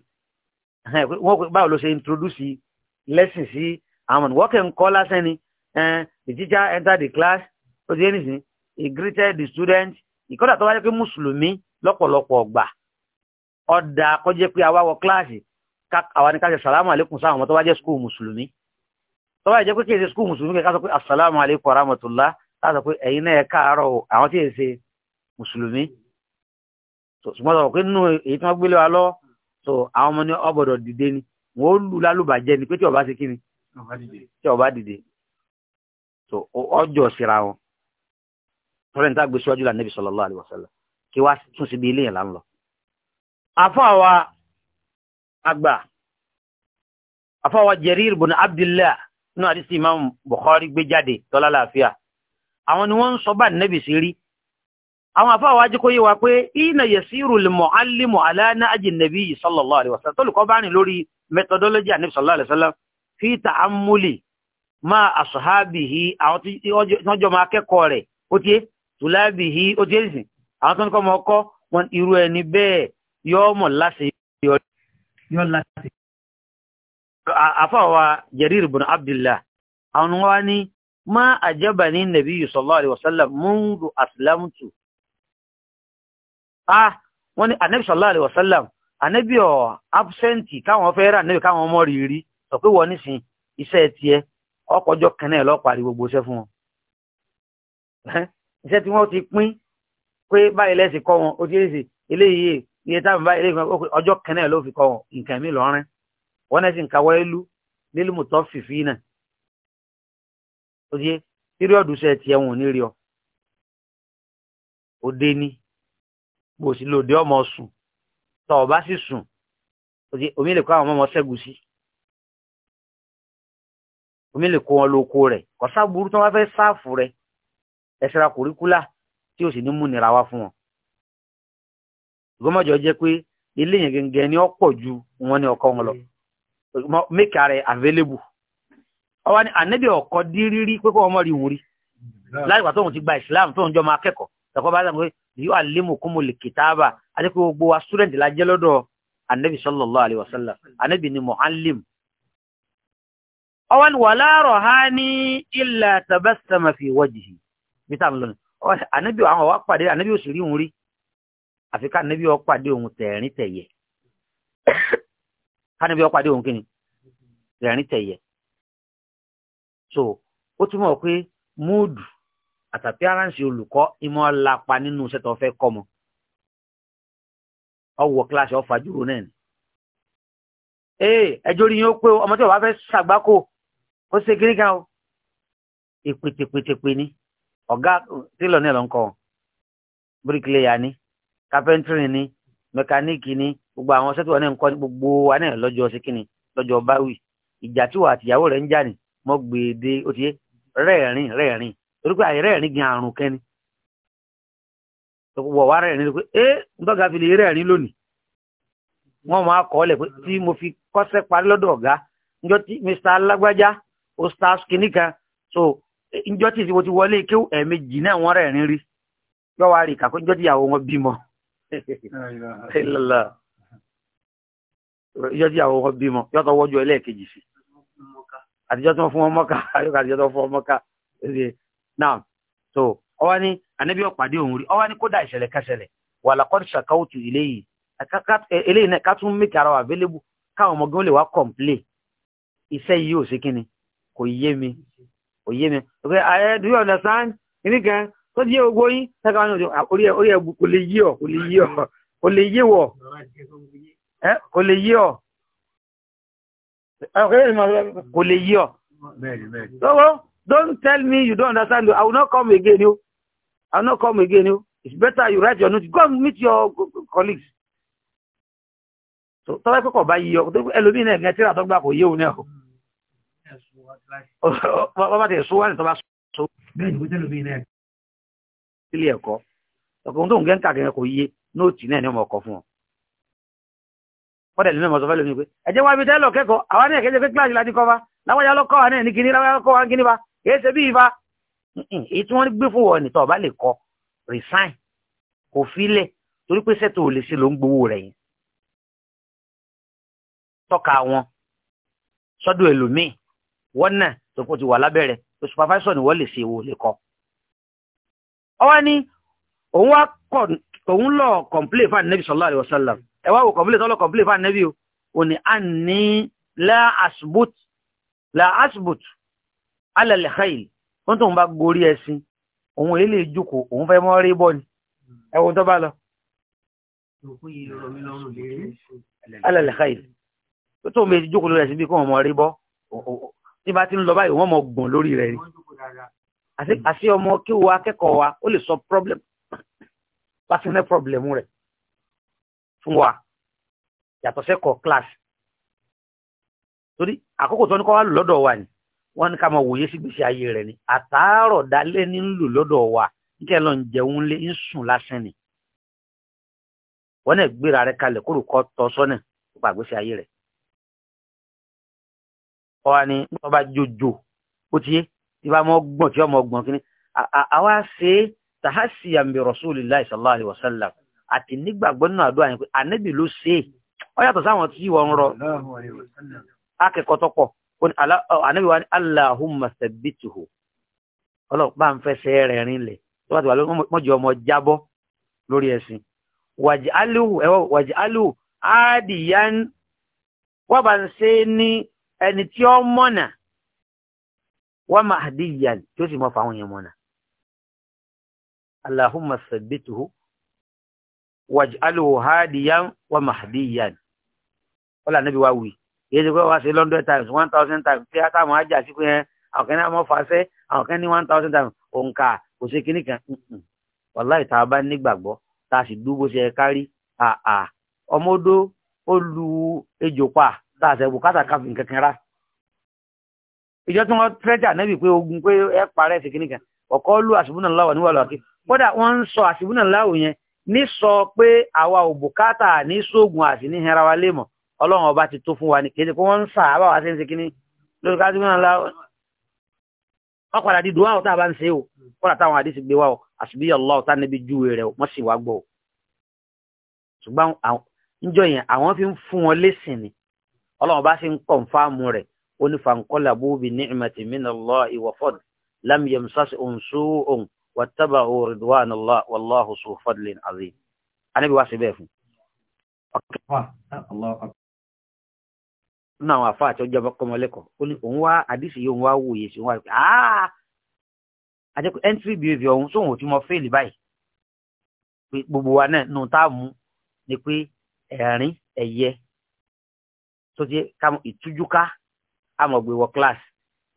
wọ́n báwo ló ṣe introduce lesson sí àwọn ọmọ wọ́kẹ́ ń kọ́ lásán ni the teacher enter the class ó ti yé nìsín he greeted the student ìkọ́dà tó wáyé pé mùsùlùmí lọ́pọ̀lọpọ̀ ọgbà ọ̀dà kọjẹ́ pé àwáwọ̀ kíláàsì àwa ní káṣẹ̀ sàlámù àlékún sáwọn ọmọ tó bá jẹ́ skul mùsùlùmí tó bá jẹ́ pé kí èsì skul mùsùlùmí kẹ́kẹ́ sọ pé asàlámù àlékún ọ̀rámọ̀tòlá láti sọ pé ẹ̀yin náà káàárọ̀ àwọn tí èsì mùsùlùmí ṣùgbọ́n sọ pé nínú èyí tí wọ́n gbélé wa lọ so àwọn ọmọ ní ọgbọ̀dọ̀ dìde ni wọ́n lù lálùbàjẹ́ ni pé tí ọba ṣe kí ni tí ọba dìde so ọjọ́ síra wọn tọ́lẹ̀ ní tá a gbé síwájú lànà Nabi sallallahu alaihi wasallam kí wá tún síbi ilé yẹn là afáwa àgbà afáwa Jarir bùn Abdullah ní àdísí imam Bukhari gbé jáde tọ́lá láàfíà àwọn ni wọ́n ń sọ bá nẹ́bì sí rí àwọn afáwa ajíkó yé wa pé ina yasiru al-muallimu ala nahji an-nabi sallallahu alaihi wasallam tó lùkọ́ bá rìn lórí methodology ànẹ́bì sallallahu alaihi wasallam fi ta'ammuli ma ashabihi àwọn tí wọ́n jọ máa kẹ́kọ̀ọ́ rẹ̀ ó tiẹ́ tùlábìhí ó tiẹ́ sìn àwọn tó ń kọ́ mọ́ kọ́ wọn irú ẹni yóò mọ̀ láti yọ láti. àfàwà jarir bin abdullah àwọn wa ní ma àjẹbà ní nàbí sallallahu alaihi wasallam mundu aslamtu. a wọ́n ní anabi sallallahu alaihi wasallam anabi ọ̀ absenti káwọn fẹ́ rà anabi káwọn mọ̀ rírí sọ pé wọ́n nísìn iṣẹ́ tiẹ̀ ọkọ̀jọ́ kan náà lọ́pàá rí gbogbo iṣẹ́ fún wọn. iṣẹ́ tí wọ́n ti iye táwọn báyìí lẹ́yìn ọjọ́ kẹ́nẹ́ ló fi kọ́ nǹkan mi lọ́rin wọn náà sì ń kawọ́ ìlú nílùú fìfì náà ó di irú ọdún tiẹ̀ wọn ò ní rí ọ òde ni bó sì lòdì ọmọ sùn tọ ọba sì sùn ó di omi lè kó àwọn ọmọ ṣẹ́gun sí omi lè kó wọn lóko rẹ̀ kọ́sá burú tí wọ́n fẹ́ sáàfù rẹ̀ ẹ̀sẹ̀ra kòríkúlà tí ó sì ní múnira wá fún wọn gọmọjọ jẹ́ pé ilé yẹn gẹ́gẹ́ ni ó pọ̀ ju wọn ní ọkọ wọn lọ make are available ọwọ ni ànẹ́bí ọkọ dín rírí pé kó ọmọ rí wùn rí láìpà tóun ti gba Islam tóun jọ máa kẹ́kọ̀ọ́ tọkọ bá dàn pé yóò àlémù kó mo lè kìtàbà àti pé gbogbo wa student la jẹ́ lọ́dọ̀ ànẹ́bí sallallahu alaihi wasallam ànẹ́bí ni muallim ọwọ́n wàlá rọ̀hání illa tabassama fi wajhi bí táà ń lọ ní ànẹ́bí àwọn wá pàdé ànẹ́bí òsì rí wùn rí àfi ká níbi ó pàdé òun tẹ̀rín tẹ̀yẹ ká níbi ó òun kíni tẹ̀rín tẹ̀yẹ so ó túmọ̀ pé múùdù àtàpé aránsì olùkọ́ ìmọ̀ lápa nínú iṣẹ́ tó fẹ́ kọ́ mọ ọwọ́ kíláàsì ọ̀fàjúrò náà ni ee eh, ẹjọ́ rí yín ó pé ọmọ tí wàá fẹ́ ṣàgbákò ó ṣe kiri o ìpètèpètèpè ni ọ̀gá tílọ̀ náà ló ń kọ́ bíríkìlẹ̀yà ni kápẹ́ntìrì ni mẹkáníìkì ni gbogbo àwọn sẹ́tù wọn kọ́ ní gbogbo wa náà lọ́jọ́ sí kínni lọ́jọ́ báwì ìjà tí wà àtìyàwó rẹ̀ ń jà ní mọ́ gbèdé e ó ti yé rẹ́ẹ̀rin rẹ́ẹ̀rin torí pé àyè rẹ́ẹ̀rin gan àrùn kẹ́ni wọ̀ wá rẹ́ẹ̀rin pé é ntọ́ga fi lè rẹ́ẹ̀rin lónìí wọ́n máa kọ́ ọ lẹ̀ pé tí mo fi kọ́sẹ́ parí lọ́dọ̀ ọ̀gá njọ́ tí mr alágbájá ó stars kìíní kan so njọ́ tí mo ti wọlé kéwù ẹ̀ẹ̀mejì náà wọ́n rẹ́ẹ̀rin rí yọ wá rí kàkó njọ́ tí ìyàwó wọn bímọ ìlàlá ìjọ tí àwọn ọkọ bímọ yọtọ wọjọ ẹlẹ́ẹ̀kejì sí àtijọ́ tí wọ́n fún wọn mọ́ká àyọkọ àtijọ́ tí wọ́n fún wọn mọ́ká náà so ọwá ní anabi ọpàdé òun rí ọwá ní kódà ìṣẹ̀lẹ̀ kẹsẹlẹ wà lákọọdù ṣàkóòtù eléyìí eléyìí náà ká tún mẹkẹ ara wà available káwọn ọmọ gánwó lè wá kọ̀m̀plé iṣẹ́ yìí ò sí kíni kò yé mi kò yé mi ok I do you understand? kìnnìkan tó jẹ́ ogbó yín tẹ́ka wọn ní orí ẹ̀ orí ẹ̀ kò lè yí ọ kò lè yí ọ kò lè yí wọ ẹ kò lè yí ọ kò lè yí ọ. lọ́wọ́ don't tell me you don't understand I will not come again you I will not come again you it's better you write your note go meet your colleagues. tọ́wọ́ kọ́kọ́ bá yí ọ ẹlòmíín náà ẹ̀gbẹ́ tíra tó gbà kò yé òun náà bọ́bá tẹ̀ sọ́wọ́ ní tọ́ba sọ́wọ́. bẹ́ẹ̀ ni kò tẹ́lómi náà sílé ẹ̀kọ́ ọkùnrin tó ń gẹ́ ń kàkiri kò yé nóòtì náà ní ọmọ ọkọ̀ fún ọ. fọ́dẹ̀lì mẹ́mọ̀ sọ fẹ́ lómi pé ẹ̀jẹ̀ wá ibi tẹ́lọ̀ kẹ́kọ̀ọ́ àwa náà kẹ́jẹ́ pé kíláàsì láti kọ́ fa láwáyá lọ́kọ́ wa náà ní kíní láwáyá lọ́kọ́ wa ní kíní fa èyí ṣe bí ifá èyí tí wọ́n gbé fún wọn nìtọ́ ọba lè kọ resign kò filẹ̀ torí pé sẹ́tò ò lè ṣe ló ń gbowó rẹ̀ yẹn tọ́ka wọn sọ́dọ̀ ẹlòmíì wọ́n náà tó kó ti wà lábẹ́rẹ̀ supervisor ni wọ́n lè ṣe ìwò lè kọ́ ọwọ́ ni òun wá kọ̀ òun lọ kọ̀m̀plé fún ànẹ́bí sallallahu alaihi wasallam ẹ wá wò kọ̀m̀plé tọ́lọ̀ kọ̀m̀plé fún ànẹ́bí o ò ní à ní láàṣbùt láàṣbùt alẹ́lẹ̀ xayìl wọ́n tó ń bá gorí ẹṣin òun èlé ìjókòó òun fẹ́ mọ́ rí bọ́ ni ẹ̀wọ̀n tó bá lọ. alẹ́lẹ̀ xayìl tó ń bẹ ìjókòó lórí ẹṣin bí kò wọ́n mọ́ rí bọ́ tí bá ti ń lọ báyìí wọ́n mọ̀ gbọ̀n lórí rẹ̀ ni àti ọmọ kí wo akẹ́kọ̀ọ́ wa ó lè sọ problem personal problem rẹ̀ fún wa yàtọ̀ sẹ́kọ̀ class torí àkókò tó ní kọ́ wá lò lọ́dọ̀ wa ni wọ́n ní ká máa wòye sí ayé rẹ̀ ni àtàárọ̀ dalẹ́ ní lò lọ́dọ̀ wa níkẹ́ lọ jẹun lé ń sùn lásán ni wọ́n náà gbéra rẹ̀ kalẹ̀ kórò kọ́ tọ́ sọ́nà nípa àgbèsè ayé rẹ̀ ọ wa ni wọ́n bá jojo ó ti yé tí bá mọ́ gbọ̀n tí ọmọ gbọ̀n kíní àwa ṣe tàhásì àmì rasulillahi sallallahu alaihi wasallam àti nígbàgbọ́ nínú àdúrà yẹn pé ànábì ló ṣe ọ yàtọ̀ sáwọn tí wọ́n rọ akẹ́kọ̀ọ́ tọ́pọ̀ ànábì wa ní allahumma thabbituhu ọlọ́pàá ń fẹsẹ̀ rẹ̀ rinlẹ̀ tó bá ti wà lórí ọmọ jábọ́ lórí ẹ̀sìn wàjálù ẹ̀wọ̀ wàjálù àdìyàn wọ́n wa mahdiyan tí ó sì mọ́ fáwọn èèyàn mọ́nà allahumma sabbituhu waj'alhu hadiyan wa mahdiyan ọlá níbi wá wí èyí tí pé wá sí london times one thousand times tí àtàwọn ajá sí pé àwọn kan ní àwọn fàṣẹ àwọn kan ní one thousand times òǹkà kò ṣe kíní kan wàláì tá a bá nígbàgbọ́ tá a sì dúró ṣe kárí àà ọmọdó ó ejò pa tá a sẹ bùkátà kankan rá ìjọ tí wọ́n tẹ́jà nẹ́bì pé ogun pé ẹ parẹ́ sí kìnnìkan ọ̀kọ́ lù àṣìbúnà láwà níwà lọ́kí kódà wọ́n ń sọ àṣìbúnà láwù yẹn ní sọ pé àwa ò bùkátà ní sóògùn àti ní hẹra wa lémọ̀ ọlọ́run ọba ti tó fún wa ní kéde pé wọ́n ń sà àbáwá sí ń ṣe kìnnì lórí káṣíbúnà láwù wọ́n padà di dùn àwọn tá a bá ń ṣe o kódà táwọn àdìsí gbé wa o àṣìbí ọlọ́ọ̀ tá níbi júwe rẹ̀ wọ́n sì wá gbọ́ ṣùgbọ́n níjọ yẹn àwọn fi ń fún wọn lẹ́sìn ó ní fankọ́làbù bi ni'mati minallahi wa fadl lam yamsashum su'un wattaba'u ridwanallahi wallahu zu fadlin azim anábì wá sí bẹ́ẹ̀ fún. nínú àwọn àfa àti ọjọ́ ọmọlẹ́kọ̀ọ́ ó ní òun wá àdìsí yìí òun wá wòye sí òun wá rẹ̀ áá àjẹkù entry behaviour òun sóhun ò ti mọ fail báyìí pé gbogbo wa náà nù tá a ni pé ẹ̀rín ẹ̀yẹ tó ti ká ìtújúká àmọ̀ gbé wọ kíláàsì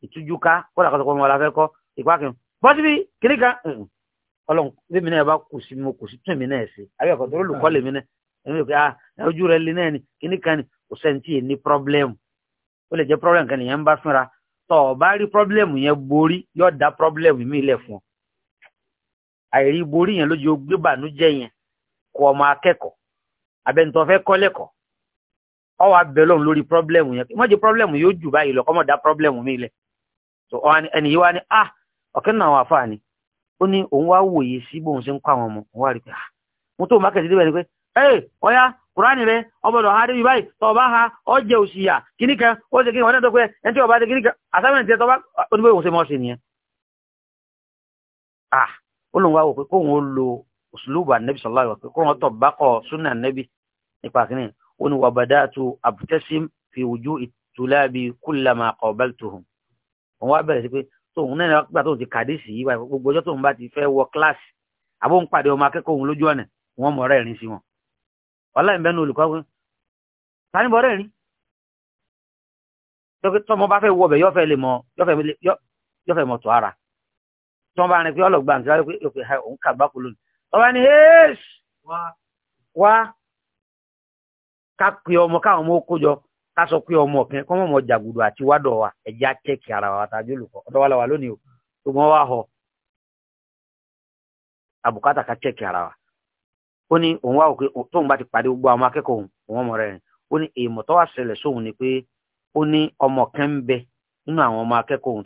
ìtújú ká kódà kọ́sọ́ pọ́nmọ́ la fẹ́ kọ́ ìpákin bọ́sí bí kiri kan ọlọ́run bí mi náà bá kù sí mo kù sí tún mi náà sí àbí ọ̀kọ́ tó lùkọ́ lèmi náà èmi ò pé ah ojú rẹ lé náà ni kíní kan ni kò sẹ́ni tí èyí ní pọ́blẹ́mù ó lè jẹ́ pọ́blẹ́mù kan nìyẹn ń bá fúnra tọ́ ọ bá rí pọ́blẹ́mù yẹn borí yóò dá pọ́blẹ́mù mi lẹ̀ fún ọ àìrí borí yẹn lójú ó gbé bànújẹ́ yẹn kọ ọmọ akẹ́kọ̀ọ́ abẹ́ntọ́ fẹ́ ọ wà bẹ lọ́n lórí ya yẹn wọ́n ya pọ́blẹ́mù yóò jù báyìí lọ kọ́mọ̀ dá pọ́blẹ́mù mi so ẹni yìí wá ah ọ̀kẹ́ náà wà fà ni ó ní òun wá wòye sí bóun ṣe ń àwọn ọmọ òun rí pé ah mo tó ni pé ee ọ̀ya kùránì rẹ ọbọdọ̀ ha débi báyìí tọ́ ọba ha ọ jẹ kíní kan ó ṣe kíní wọn ọba ṣe kíní kan oníbẹ̀ òun ṣe mọ́ ṣe nìyẹn. ah ó lóun wá wò pé kóun ó lo òṣèlú bá nẹ́bí pé kóun ó ó ní wàbàdáàtú abtẹ́sìm fi ojú ìtúláàbí kúlàmà kọ̀ọ̀bẹ́lìtòhùn òun wá bẹ̀rẹ̀ sí pé tóun náà nígbà tóun ti kàdísì yìí wáyé gbogbo ọjọ́ tóun bá ti fẹ́ wọ kíláàsì àbó ń pàdé ọmọ akẹ́kọ̀ọ́ òun lójú ọ̀nà wọn mọ̀ rẹ́rìn sí wọn ọláyìn bẹ́ẹ̀ ni olùkọ́ pé ta ni bọ́ rẹ́rìn tọmọ bá fẹ́ wọ bẹ̀ yọ́fẹ́ lè mọ yọ́fẹ́ mọ tó ara tọmọ bá rìn pé ọlọ́gbà nǹkan yóò pé òun kà gbáko lónìí tọ́ bá ní hẹ́ẹ́sì wá ka pe ọmọ káwọn ọmọ kó jọ ká sọ pé ọmọ ọ̀kẹ́ kọ́ mọ̀ jàgùdù àti wádọ̀ wa ẹ̀já chẹ́kì ara wa tàbí lónìí o tó mọ́ wá họ àbùkátà ká ara wa ó ní òun wá òkè tóun bá ti pàdé gbogbo àwọn akẹ́kọ̀ọ́ òun ọmọ rẹ̀ ó ní èèmọ̀ tó wà ni pé ó ní ọmọ kan ń bẹ nínú àwọn ọmọ akẹ́kọ̀ọ́ òun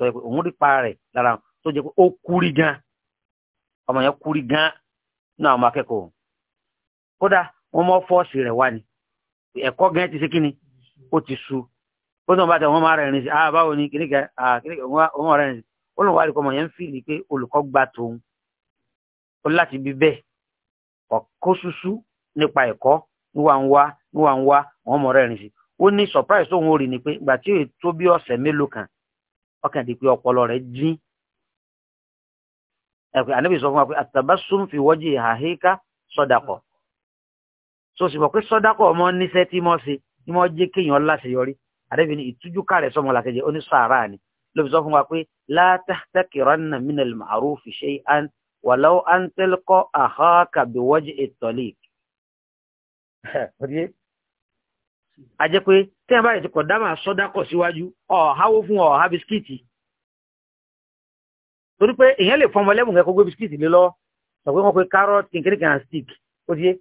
tó ọmọ ẹ̀kọ́ gan ti ṣe kí ni ó ti su ó tó ń bá tẹ wọn máa rẹ̀ rìn sí ah báwo ni kìnìkà ah kìnìkà wọn máa rẹ̀ rìn sí ó lóun wá rí kọmọ yẹn ń fìlì pé olùkọ́ gba tòun ó láti bí bẹ́ẹ̀ ọ̀kọ́ ṣuṣu nípa ẹ̀kọ́ níwà ń wá níwà ń wá wọn mọ̀ rẹ̀ rìn sí ó ní surprise tóun ò rí ni pé ìgbà tí èyí tó bí ọ̀sẹ̀ mélòó kan ọkàn di pé ọpọlọ rẹ̀ dín ẹ̀pẹ́ ànábì sọ fún wa pé àtàbásùn fi wọ́jì àhíká sọ́dàkọ̀ so sì mọ̀ pé sọ́dákọ̀ ọmọ níṣẹ́ tí mọ́ ṣe ni mọ́ jẹ́ kéèyàn láṣeyọrí àdẹ́bí ni ìtújúká rẹ̀ sọmọ làkejì ó ní sàárà ni ló fi sọ fún wa pé la tahtakiranna minal ma'rufi shay'an walau an tilqa akhaka biwajhi at-taliq. a jẹ́ pé tí a bá yẹ ti kọ̀ dámà sọ́dákọ̀ síwájú ọ̀háwó fún ọ̀há bisikíìtì torí pé èèyàn lè fọmọ lẹ́bùn kẹ́kọ̀ọ́ gbé bisikíìtì lé lọ́wọ́ sọ pé wọ́n pe kárọ̀tì kìnnìkan stick ó ti yé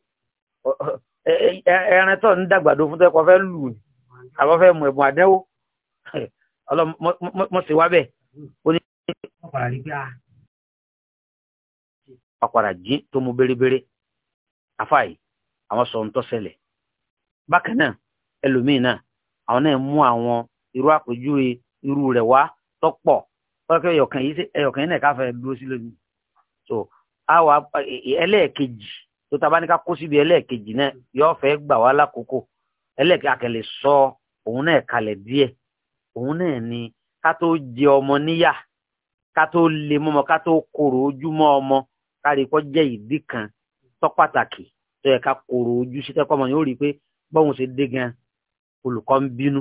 ẹran tó ń dàgbàdo fún tẹ́kọ̀ fẹ́ lù ní àbọ̀ fẹ́ mú ẹ̀bùn àdẹ́wò ọlọ́mọ sì wá bẹ́ẹ̀ ó ní ọ̀pàdà jí tó mú bérebére afáyì àwọn sọ ń tọ́sẹ̀lẹ̀ bákan náà ẹlòmíín náà àwọn náà mú àwọn irú àpèjúwe irú rẹ̀ wá tọ́pọ̀ ọ̀kẹ́ ẹ̀yọ̀kan yìí náà káfẹ́ dúró sí lónìí so ẹlẹ́ẹ̀kejì tó tá a bá ní ká kó síbi ẹlẹ́ẹ̀kejì náà yóò fẹ́ gbà wá lákòókò ẹlẹ́ẹ̀kejì akẹ́lẹ̀ sọ òun náà kalẹ̀ díẹ̀ òun náà ni ká tó jẹ ọmọ níyà ká tó lè mọ́mọ́ ká tó kòrò ojúmọ́ ọmọ kárí kọ́ jẹ́ ìdí kan tó pàtàkì tó yẹ ká kòrò ojú sí tẹ́kọ́ ọmọ yóò rí i pé bọ́hùn ṣe dé gan olùkọ́ ń bínú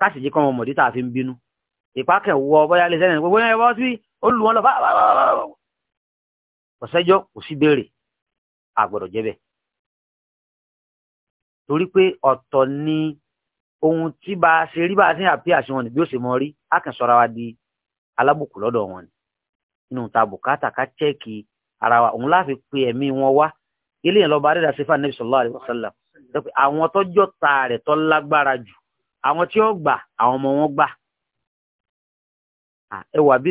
ká sì jẹ́ kọ́ ọmọ mọ̀dí tá a fi ń bínú ìpákẹ̀ wọ bóyá lè sẹ́yìn pé bóyá ẹ sí olùwọ́n lọ fà ọ̀sẹ́jọ́ kò sí béèrè àgbọ̀dọ̀ jẹ́ bẹ́ẹ̀ torí pé ọ̀tọ̀ ni ohun tí bá a ṣe rí bá a ṣe ń àpí àṣẹ wọn ni bí ó ṣe mọ rí a kàn sọra wa di alábùkù lọ́dọ̀ wọn ni inú ta bùkátà ká chẹ́ẹ̀kì ara wa òun láfi pe ẹ̀mí wọn wá eléyìí lọ́ba adéda sefa nebi sallallahu alaihi wasallam àwọn tọ́jọ́ ta rẹ̀ tọ́ lágbára jù àwọn tí ó gbà àwọn ọmọ wọn gbà ẹ wà bí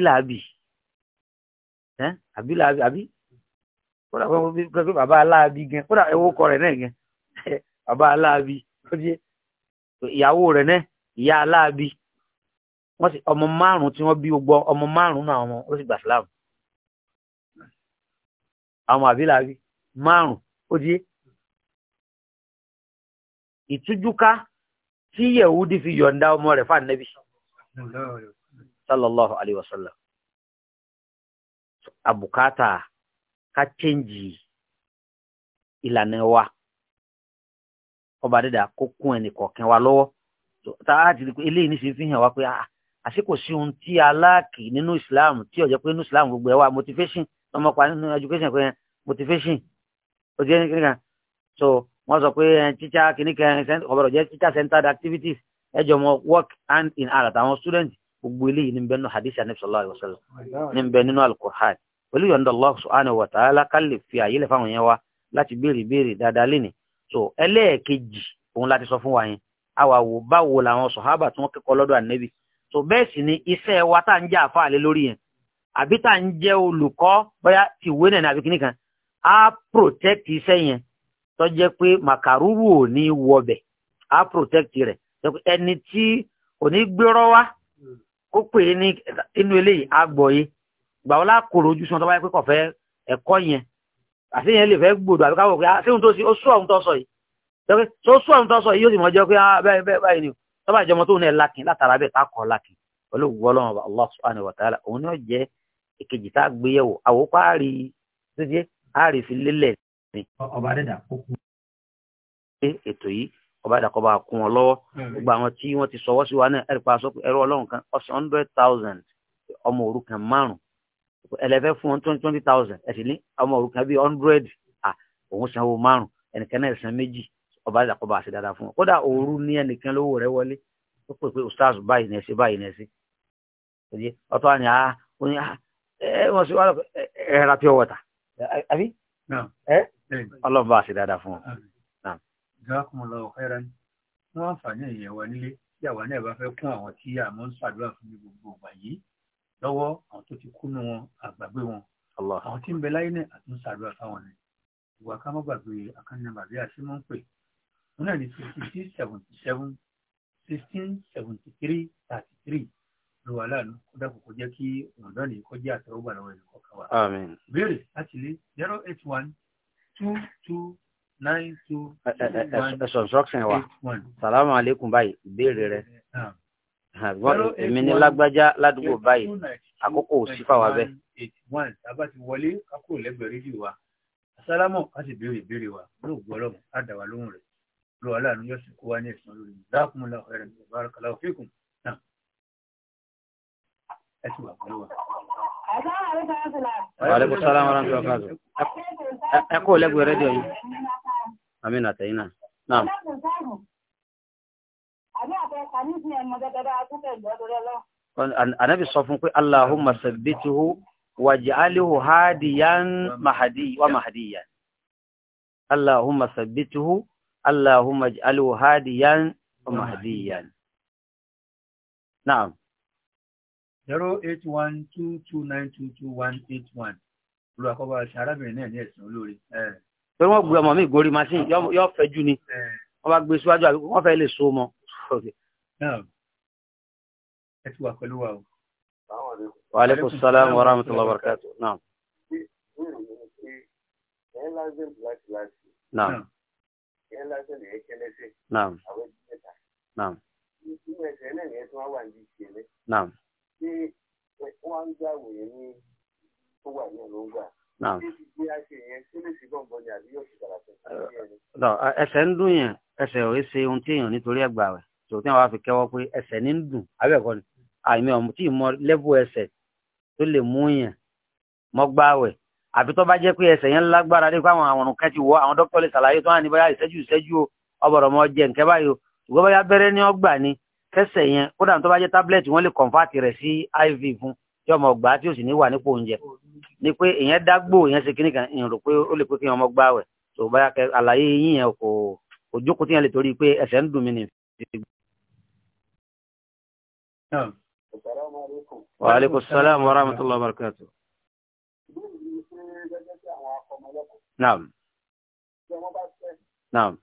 ẹ àbí làábì kódà fún mi pé bàbá aláàbí gan kódà ẹwọ́ kọ rẹ̀ náà gan bàbá aláàbí ìyàwó rẹ̀ náà ìyá aláàbí wọ́n sì ọmọ márùn-ún tí wọ́n bí gbogbo ọmọ márùn-ún náà wọn ó sì gbà síláàmù àwọn àbílàbí márùn-ún ó di ìtújúká tí yẹ̀wúdí fi yọ̀ǹda ọmọ rẹ̀ fún ànẹ́bí sallallahu alayhi wa sallam abukata ká chẹ́ǹjì ìlànà wa ọba dídà kó kún ẹnì kọ̀ọ̀kan wa lọ́wọ́ tá a ti rí pé eléyìí níṣẹ́ fi hàn wá pé ah, àsìkò sí ohun tí aláàkì nínú Islam tí ó jẹ́ pé nínú Islam gbogbo ẹ̀ wá motivation ọmọ pa nínú education pé motivation ó jẹ́ kíní kan so wọ́n sọ pé eh, teacher kíní kan ọ̀bọ̀dọ̀ jẹ́ teacher centered activities ẹjọ́ mọ work hand in hand àtàwọn students gbogbo eléyìí ní bẹ́ẹ̀ nínú hadith anabi sallallahu alayhi wa sallam ní bẹ́ẹ̀ nínú alukur'an pẹ̀lú yọ̀ǹda Allah subhanahu wa ta'ala ká fi àyè lẹ̀ fáwọn yẹn wa láti béèrè béèrè dáadáa lénìí so ẹlẹ́ẹ̀kejì òun láti sọ fún wa yẹn àwa wò báwo làwọn sọ̀hábà tí wọ́n kẹ́kọ̀ọ́ lọ́dọ̀ ànẹ́bì so bẹ́ẹ̀ sì ni iṣẹ́ wa tá ń jẹ́ àfáàlẹ́ lórí yẹn àbí tá ń jẹ́ olùkọ́ bóyá ti wé nẹ̀ àbí kìnnì kan á protect iṣẹ́ yẹn tó jẹ́ pé màkàrúrù ò ní wọbẹ̀ á protect ẹni tí ò ní gbérọ́ wá gbàwọ́ lákòrò ojú sí wọn tó bá yẹ pé kò fẹ́ ẹ̀kọ́ yẹn àti yẹn lè fẹ́ gbòdò àbíká wọ̀ pé ah, ṣé ohun tó sí ó sú ọ̀hún tó sọ yìí tó sú ọ̀hún tó sọ yìí yóò sì mọ̀ jẹ́ pé ah, bẹ́ẹ̀ bẹ́ẹ̀ báyìí ni tó bá jẹ́ ọmọ tó ní ẹ̀ lákin látara bẹ́ẹ̀ tá kọ́ lákin olóògùn ọlọ́run ọba Allah subhanahu wa ta'ala òun náà jẹ́ ìkejì tá a gbé yẹ̀wò àwòkọ́ àárí títí àárí fi lélẹ̀ ni. ọba dẹ́dà kó kú. ṣé ètò yìí ọba dẹ́dà kọ́ bá kún wọn lọ́wọ́ gbogbo àwọn tí wọ́n ti sọwọ́ sí wa náà ẹ̀rí pa aṣọ ẹ̀rọ ọlọ́run kan ọ̀sán hundred thousand ọmọ òrukàn márùn-ún ẹlẹ́fẹ́ fún twenty twenty thousand ẹ̀sìn ní ọmọ òrukàn bíi hundred ah òun sanwó márùn ẹnìkan náà san méjì ọba àdàkọ́bà àti dáadáa fún wọn kódà òru ní ẹnìkan lówó rẹ wọlé ó pè pé ustaz báyìí ní ẹsẹ báyìí ní ẹsẹ ẹdí ọtọ àni àá ó ní ẹ wọn sì wá lọ ẹ ra pure water àbí ẹ ọlọ́run bá àti dáadáa fún wọn. jazakumullahu khairan wọn àǹfààní ìyẹ̀wò nílé tí àwa náà bá fẹ́ kún àwọn tí àmọ́ ń ṣàdúrà fún mi gbogbo ìgbà yìí lọ́wọ́ àwọn tó ti kú nù wọn àgbàgbé wọn àwọn tí ń bẹ láyé náà àtúnṣe àdúrà fáwọn ni ìwà ká má gbàgbé àkànnà bàbí àṣemọ́ ń pè wọn náà ní sixteen seventy seven sixteen seventy three thirty three ló wà láàánú kódà kò kọjá kí ọ̀dọ́ ni kọjá àtẹwọ́gbà lọ́wọ́ ẹ̀rọ kọ̀ọ̀kan wa. béèrè láti lé zero eight one two two nine two one eight one. salamu aleykum báyìí ìbéèrè rẹ èmi ní lágbájá ládùúgbò báyìí àkókò sí fáwa bẹ́ẹ̀. tàbá ti wọlé kákò lẹ́gbẹ̀ẹ́ rédíò wa asálámọ̀ á sì béèrè ìbéèrè wa ló gbọ́ ọlọ́mù á dà wá lóhùn rẹ̀ ló wà láàánú yóò sì kó wa ní ẹ̀sán lórí ìdákùnmọ́lá ọ̀rẹ́ rẹ̀ barakallahu fikum náà ẹ sì wà pẹ̀lú wa. Wàhálẹ́kùn sálámù ọ̀rọ̀ nípa káàtó. Ẹ kó lẹ́gbẹ̀ẹ́ rédíò yìí. Àmín àtẹ̀yìn náà. Náà àbí àbẹ̀ka ní ìsìn ẹ̀mọ́ gẹ́gẹ́ bá a tún bẹ̀ lọ́dọ̀ rẹ lọ. Ànábì sọ fún pé Allahumma sabbituhu waj'alhu hadiyan wa mahdiyan. Allahumma sabbituhu Allahumma ij'alhu hadiyan wa mahdiyan. Naam. 08122922181 olùwàkọ́bà arábìnrin náà ní ẹ̀sìn olóore. Pé wọ́n gbé ọmọ mi gorí machine yóò fẹ́jú ni, wọ́n bá gbé síwájú àbí fẹ́ lè so mọ́ sọ̀rọ̀. ẹ ti wà pẹ̀lú wa o. wa aleykum salaam wa rahmatulah wa barakatu. naam. naam. naam. naam. naam. Naam. Ẹsẹ̀ ń dún yẹn, ẹsẹ̀ ò ṣe ohun tí èèyàn nítorí ẹgbàá rẹ̀ sòtí àwọn afi kẹwọ́ pé ẹsẹ̀ ní ń dùn abẹ́ẹ̀kọ́ ni àmì ọ̀mù tí mọ lẹ́bù ẹsẹ̀ tó lè mú yàn mọ́gbàwẹ̀ àfi tó bá jẹ́ pé ẹsẹ̀ yẹn lágbára dé fáwọn àwọn ọ̀rùn kẹ́tì wọ àwọn dókítà lè ṣàlàyé tó hàn ní bóyá ìṣẹ́jú ìṣẹ́jú ọbọ̀rọ̀ mọ́ jẹ nǹkẹ́ báyìí ṣùgbọ́n bóyá abẹ́rẹ́ ní ọgbà ni kẹsẹ̀ yẹn ó dà tó bá jẹ́ tábìlẹ̀tì wọ́n lè kọ̀ǹfàtì rẹ̀ sí iv fún tí ọmọ ọgbà tí ó sì ní wà nípò oúnjẹ ni pé ìyẹn dágbò ìyẹn ṣe kíníkan ìrò pé ó lè pé kí ọmọ gbàwẹ̀ tó bóyá àlàyé yín kò òjókòó yẹn lè torí pé ẹsẹ̀ ń dùn mí nìyẹn نعم السلام عليكم وعليكم السلام ورحمة الله وبركاته نعم نعم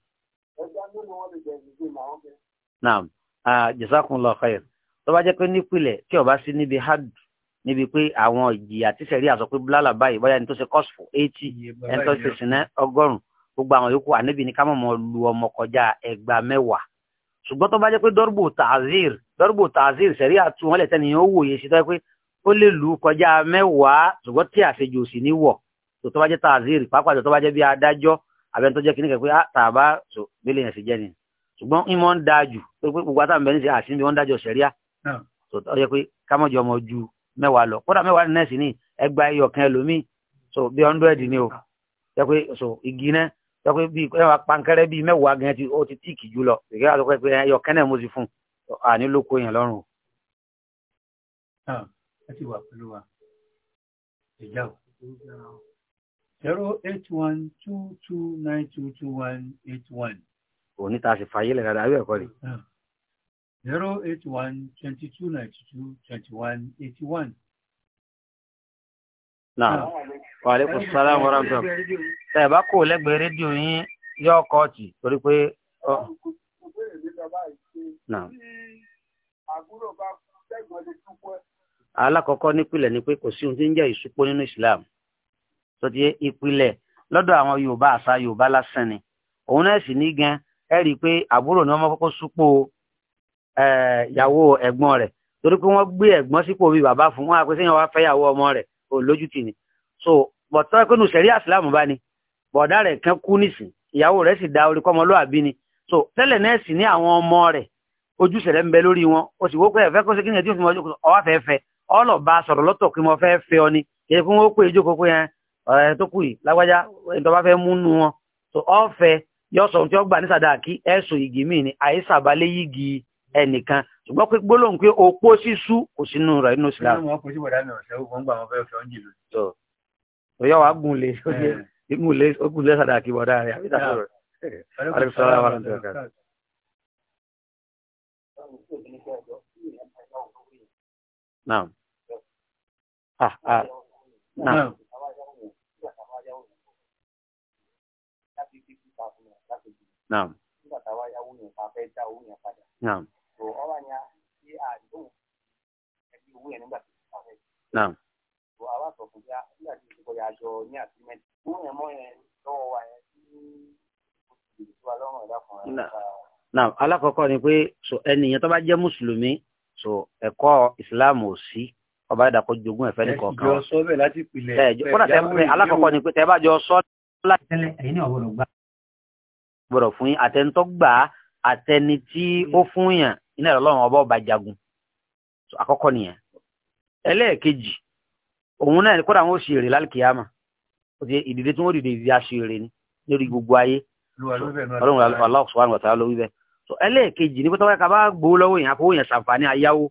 نعم jazakum Allah khair tó bá jẹ́ pé nípìnlẹ̀ tí ó bá sí níbi hard níbi pé àwọn ìjìyà tí sẹ̀rí àsọ pé búlálà báyìí bóyá ẹni tó ṣe kọ́sùfù eighty ẹni tó ṣe sìnẹ́ ọgọ́rùn gbogbo àwọn yòókù àníbi ní ká mọ̀ mọ́ lu ọmọ kọjá ẹgbàá mẹ́wàá ṣùgbọ́n tó bá jẹ́ pé dọ́rbù tààzír dọ́rbù tààzír ṣẹ̀rí àtúwọ́n lẹ̀ tẹ́niyàn ó wòye sí tọ́ pé ó lè lù kọjá mẹ́wàá ṣùgbọ́n tí àṣejù sì ní wọ̀ tó bá jẹ́ tààzír pàápàá tó bá jẹ́ bí adájọ́ abẹ́ni tó jẹ́ kí ní kẹ́ pé tàbá tó gbélé yẹn sì jẹ́ ni ṣùgbọ́n ń mọ́ ń da jù pé gbogbo àtàwọn bẹ̀rẹ̀ sí àṣìbí wọn dájọ́ ṣẹ̀ríà tọ́pẹ́ bíi ẹ wá pankẹ́rẹ́ bíi mẹ́wàá gan ti ó ti tíìkì jù lọ ìgbẹ́ àtọ́pẹ́ pé ẹyọ kẹ́nẹ̀ mo ti fún àní ló kó yẹn lọ́rùn o. ẹ ti wà pẹ̀lú wa ìjà o zero eight one two two nine two two one eight one. òní ta ṣe fàyè lẹ̀ dáadáa ẹ̀kọ́ rẹ̀. zero eight one twenty two ninety two twenty one eighty one. náà wàlẹ́kùn sálámù rámtọ́m tẹ́ ẹ̀ bá kò lẹ́gbẹ̀ẹ́ rédíò yín yọ kọ́ọ̀tì torí pé. alákọ̀ọ́kọ́ nípìnlẹ̀ ni pé kò sí ohun tí ń jẹ́ ìsúpó nínú Islam tó ti yé ìpìlẹ̀ lọ́dọ̀ àwọn Yorùbá àṣà Yorùbá lásán ni òun náà sì ní gan ẹ rí i pé àbúrò ni wọ́n máa kọ́kọ́ súpó ìyàwó ẹ̀gbọ́n rẹ̀ torí pé wọ́n gbé ẹ̀gbọ́n sípò bíi bàbá fún wọn àpèsè yẹn wàá fẹ́ ìyàwó ọmọ rẹ̀ òun lójútì ni so bọ̀tọ́ pé nùsẹ̀rí àsìlámù bá ní bọ̀dá rẹ̀ kan kú nìsín ìyàwó rẹ̀ sì da orí kọ́mọ lóàbí ni so tẹ́lẹ̀ náà sì ní àwọn ọmọ rẹ̀ ojúṣe rẹ̀ ń bẹ lórí wọn o sì wó pé ẹ̀fẹ́ kó sí kí ni ẹ̀dí òfin ọjọ́ ọwá fẹ́ fẹ́ ọlọ́ bá sọ̀rọ̀ lọ́tọ̀ kí mo fẹ́ fẹ́ ọ ni kì í fún ó pé ìjókòó pé ẹ tó kù yìí lágbájá ìtọ́ bá fẹ́ mú nu wọn so ọ̀fẹ́ yọ sọ̀rọ̀ tí ó gbà ní sàdáàkí ẹ̀sùn igi míì ni àyíṣà bá lé yígi ẹnìkan ṣùgbọ́n pé gbólóhùn pé opó sísú kò sínú rẹ̀ nínú sílámù òyà wa gùn lé gùn lé gùn lé sàdá kí bọ́dá rẹ̀ àbí dàpọ̀ rẹ̀ alẹ́ sọ́lá wà lọ́dún ọ̀gá. Naam. Ah ah. Naam. Naam. Nígbà táwa yáwó yẹn ká fẹ́ dá owó yẹn padà. Naam. Tó ọwọ́ ni a ṣe àdéhùn ẹbí owó yẹn nígbà tó ká fẹ́. Naam. Tó àwa sọ fún bí a ìfọyà àjọ ní àtìmẹ́tì mú yẹn mọ́ yẹn lọ́wọ́ wa yẹn tí oṣù tó wà lọ́rùn ẹ̀dá kan rẹ̀. náà alákọ̀ọ́kọ́ ni pé ẹnìyàn tó bá jẹ́ mùsùlùmí so ẹ̀kọ́ ìsìláàmù ò sí ọba ìdàkọ jogún ẹ̀fẹ́ nìkan kan. ẹ jọ sọ bẹ́ẹ̀ láti pilẹ̀. ẹ jọ kọ́nà tẹ alákọ̀ọ́kọ́ ni pé tẹ bá jọ sọ láti tẹ́lẹ̀ ẹ̀yin ní ọ̀gbọ́dọ̀ gbà. gbọ́dọ̀ fún yín àtẹnitọ́ gbà àtẹni tí ó fún yàn iná ìrọ̀lọ́run ọba ọba jagun àkọ́kọ́ nìyẹn. ẹlẹ́ẹ̀kejì òun náà kódà wọn ò ṣe èrè lálùkìyàmà ìdìde tí wọn dìde ìdí aṣèrè ni lórí gbogbo ayé ọlọ́run aláwọ sọwọn wọtá lórí bẹ so ẹlẹ́ẹ̀kejì ní pẹtọwẹ kaba gbowó lọ́wọ́ yẹn àfọwọ́ yẹn ṣàǹfààní ayáwó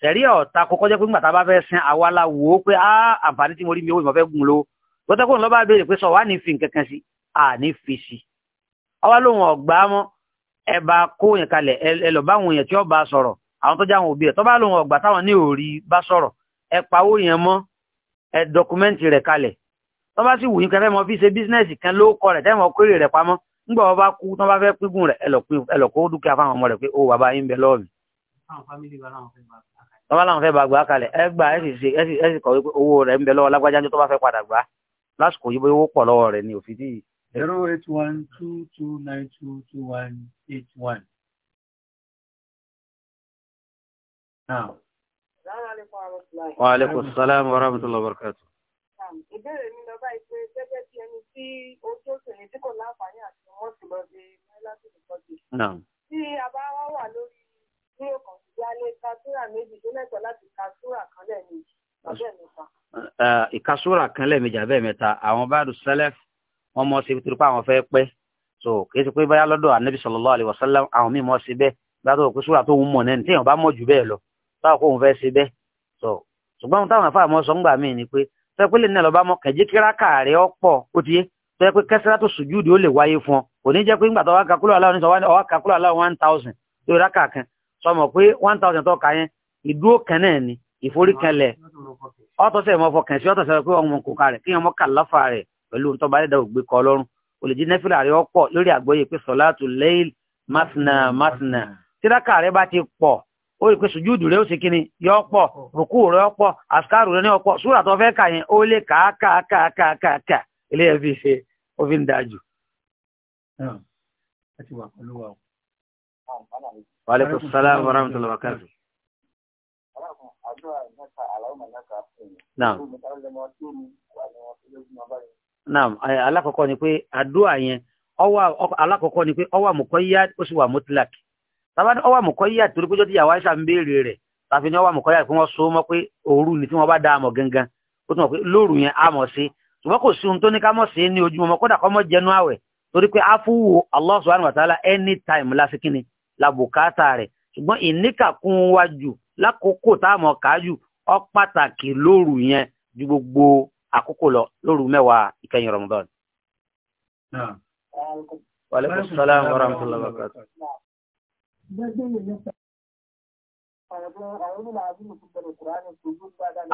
tẹrí ọ̀tá kọkọ jẹ pé nígbà tá a bá fẹ́ sin àwa la wò ó pé á àǹfààní tí mo rí mi owó ìmọ̀fẹ́ gùn lówó gbọ́dọ̀ kó ń lọ bá béèrè pé sọ wà ní fi nǹkankan sí à ní fi sí àwa lóhun ọ̀gbá mọ́ ẹ kó yẹn kalẹ̀ ẹ báwọn yẹn tí ó bá àwọn tó já àwọn òbí ẹ̀ tó lóhun ọ̀gbà táwọn ní òòrí bá sọ̀rọ̀ ẹ pawó yẹn mọ́ ẹ dọkumẹ́ǹtì rẹ̀ kalẹ̀ tó bá sì wù yín kẹfẹ́ mọ fi ṣe bísínẹ́sì kan ló kọ rẹ̀ tẹ́mọ̀ kórè rẹ̀ pamọ́ ńgbà wọn bá kú tán bá fẹ́ pígun rẹ̀ ẹ lọ kó dúkìá fáwọn ọmọ rẹ̀ pé ó bàbá yín bẹ lọ́ọ̀mì. tó bá láwọn fẹ́ bá gbà kalẹ̀ ẹ gbà ẹ sì kọ̀wé pé owó rẹ̀ ń bẹ lọ́wọ́ lágbájá tó bá fẹ́ padà gbà lásìkò yìí owó pọ̀ lọ́wọ́ rẹ̀ ni òfin tí. zero eight one two two nine two two one eight one. Now. Wa alaikum salaam wa rahmatullahi wa barakatuh. Ìbéèrè mi lọ báyìí pé gẹ́gẹ́ bí ẹni tí ojú òṣèlú tí kò láǹfààní àti wọ́n ti lọ di láti ìkọ́jú. Tí a bá wá wà lórí ní ọkàn sí alẹ́ kásúrà méjì tó lẹ́tọ̀ọ́ láti kásúrà kan lẹ́ẹ̀mejì àbẹ́ mẹ́ta. Ìkásúrà kan lẹ́ẹ̀mejì àbẹ́ mẹ́ta, àwọn bá dùn sẹ́lẹ̀ wọ́n mọ̀ sí torí pé àwọn fẹ́ pẹ́. So kì í ṣe pé báyá lọ́dọ̀ Ànábì sallallahu alaihi wasallam sáà kóun fẹ́ ṣe bẹ́ẹ̀ sọ ṣùgbọ́n táwọn afá àmọ́ sọ ń gbà mí ni pé sẹ́pẹ́lẹ̀ náà lọ́ba mọ́ kẹ̀jẹ́ kíráka rẹ̀ ọ̀pọ̀ ó ti yé sọ pé kẹsẹ́rà tó sùjúdì ó lè wáyé fún ọ kò ní jẹ́ pé ńgbà tó wá kakúlò aláwọ̀ ní sọ wá kakúlò aláwọ̀ one thousand lórí ráka kan sọ mọ̀ pé one thousand tó ka yẹn ìdúró kan náà ni ìforíkanlẹ̀ ọ̀tọ̀sẹ̀ mọ́ fọkàn sí ọ̀tọ̀sẹ̀ pé ọmọ kò ka rẹ̀ kí ọmọ kàláfà rẹ̀ pẹ̀lú ntọ́ba ẹ̀dá ògbé kọ lọ́rùn kò lè jí nẹ́fìlà rẹ̀ ọ̀pọ̀ lórí àgbọ́yé pé sọ̀látù lẹ́yìn másìnà másìnà tíráka rẹ̀ bá ti pọ̀ ó rí pé sùjúdù rẹ̀ ó sì kíni yọ pọ̀ rùkú rẹ̀ ọ̀pọ̀ àsìkárù rẹ̀ ní ọ̀pọ̀ súrà tó fẹ́ kà ó lè kàákàákàákàá ilé ṣe ni ni tàbá ní ọwà mọ̀kọ́yà torí péjọ́ tí ìyàwó àìsà ń béèrè rẹ̀ tàfi ní ọwà mọ̀kọ́yà pé wọ́n so mọ́ pé òru ni tí wọ́n bá da àmọ̀ gangan ó tún mọ̀ pé lóru yẹn àmọ̀ sí ṣùgbọ́n kò sí ohun tó ní ká mọ̀ sí ní ojúmọ́ kódà kọ́ mọ́ jẹnu àwẹ̀ torí pé áfúwò Allah subhanahu anytime lásìkíni labùkátà rẹ̀ ṣùgbọ́n ìníkàkún wájú lákòókò táàmọ̀ káájú ọ pàtàkì lóru yẹn ju gbogbo àkókò lọ lóru mẹ́wàá ìkẹyìn Ramadan. Wa alaykum salaam wa rahmatullahi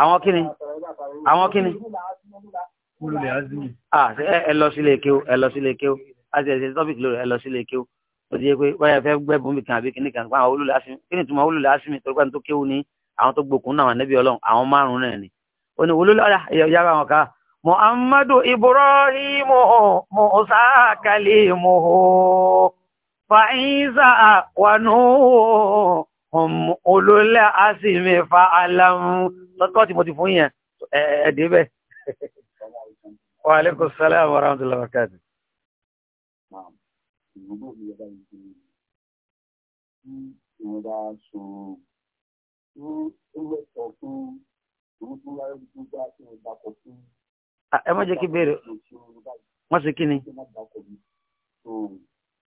àwọn kíni àwọn kíni ẹ lọ sílé kí o ẹ lọ sílé kí o a ti ẹsẹ topic lórí ẹ lọ sílé kí o ó ti yẹ pé wáyà fẹ́ gbẹ́bùn mi kan àbí kíní kan àwọn olùlẹ̀ asimi kíni tuma olùlẹ̀ asimi torí pé ní tó kéwu ní àwọn tó gbòkun náà wà níbi ọlọ́run àwọn márùn náà ni ó ní olùlẹ̀ yàrá àwọn ká muhammadu ibrahim musa kalimu fàáyínsà àkwànú olólẹ́ àsìmí fa alámú tọ́tọ́ tí mo ti fún yẹn ẹ̀ẹ́dẹ́bẹ̀ wa alaikum salam wa rahmatullahi wa barakatuh ìrora ah, ṣòro ní ilé ẹ̀kọ́ fún orúkúláyé gbígbá tí mo dàpọ̀ ẹ má jẹ́ kí béèrè wọ́n ṣe kí ni.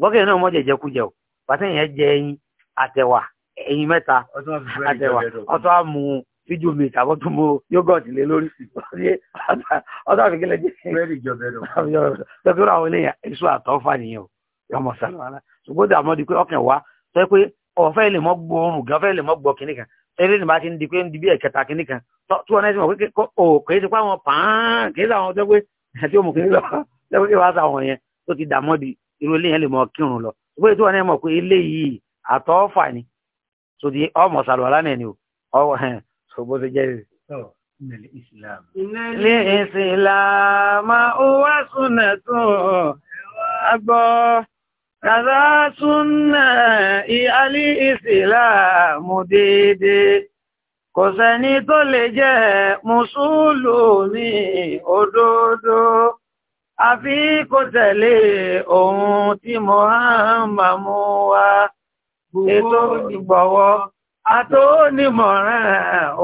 bọ́kẹ́ náà mọ́jẹ̀ jẹkújẹ o pàṣẹ yẹn jẹ ẹyin àtẹ̀wà ẹyin mẹ́ta àtẹ̀wà ọtọ́ àmú fíjú mi tàbí tó mú yógọ̀tì lé lórí ọtọ́ àfikẹ́lẹ́ jẹ́ tọ́kítọ́rọ̀ àwọn eléyà èso àtọ́fà nìyẹn o yọmọ sálọ ṣùgbọ́n dààmú di pé ọkàn wa sọ pé ọ̀fẹ́ lè mọ́ gbọ́ oorun gan fẹ́ lè mọ́ gbọ́ kínní kan eré nìbá ti ń di pé ń di bí ẹ̀kẹta kínní kan tí wọn náà ti mọ̀ pé kò é ti pa àwọn pàán kì í sàwọn ọjọ́ pé àti òmùkínní lọ lẹ́gbẹ̀ẹ́ wàá sàwọn yẹn tó ti dààmú di irú ilé yẹn lè mọ kírun lọ ìgbé tí wọn náà mọ̀ pé ilé yìí àtọ́fà ni so di ọmọ sàlùwàlá náà ni o ọwọ hẹn so bó ṣe jẹ́ ilé ìsìlámà ó wá súnà tó àgbọ̀ kàdá súnà ìhálí ìsìlámù déédéé kò sẹ́ni tó lè jẹ́ mùsùlùmí òdodo àfi kó tẹ̀lé ohun tí Muhammad mú wá ètò ìgbọ̀wọ́ àtónímọ̀ràn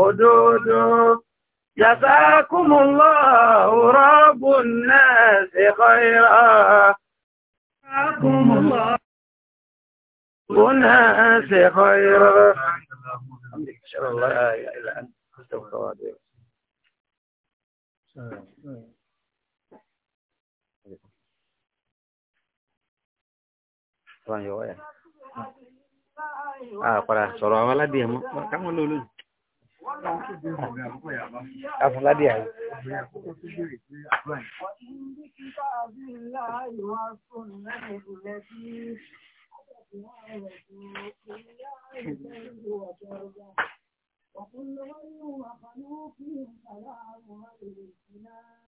òdodo Jazakumullahu rabbun nasi khaira rabbun nasi khaira Alhamdulillah, la ilaha illa anta, astaghfiruka wa atubu tó àyọ̀ wáyà. àpàrà sọ̀rọ̀ àwọn aládìẹ mọ́ káwọn ló lóyún. afúnládìẹ àyè.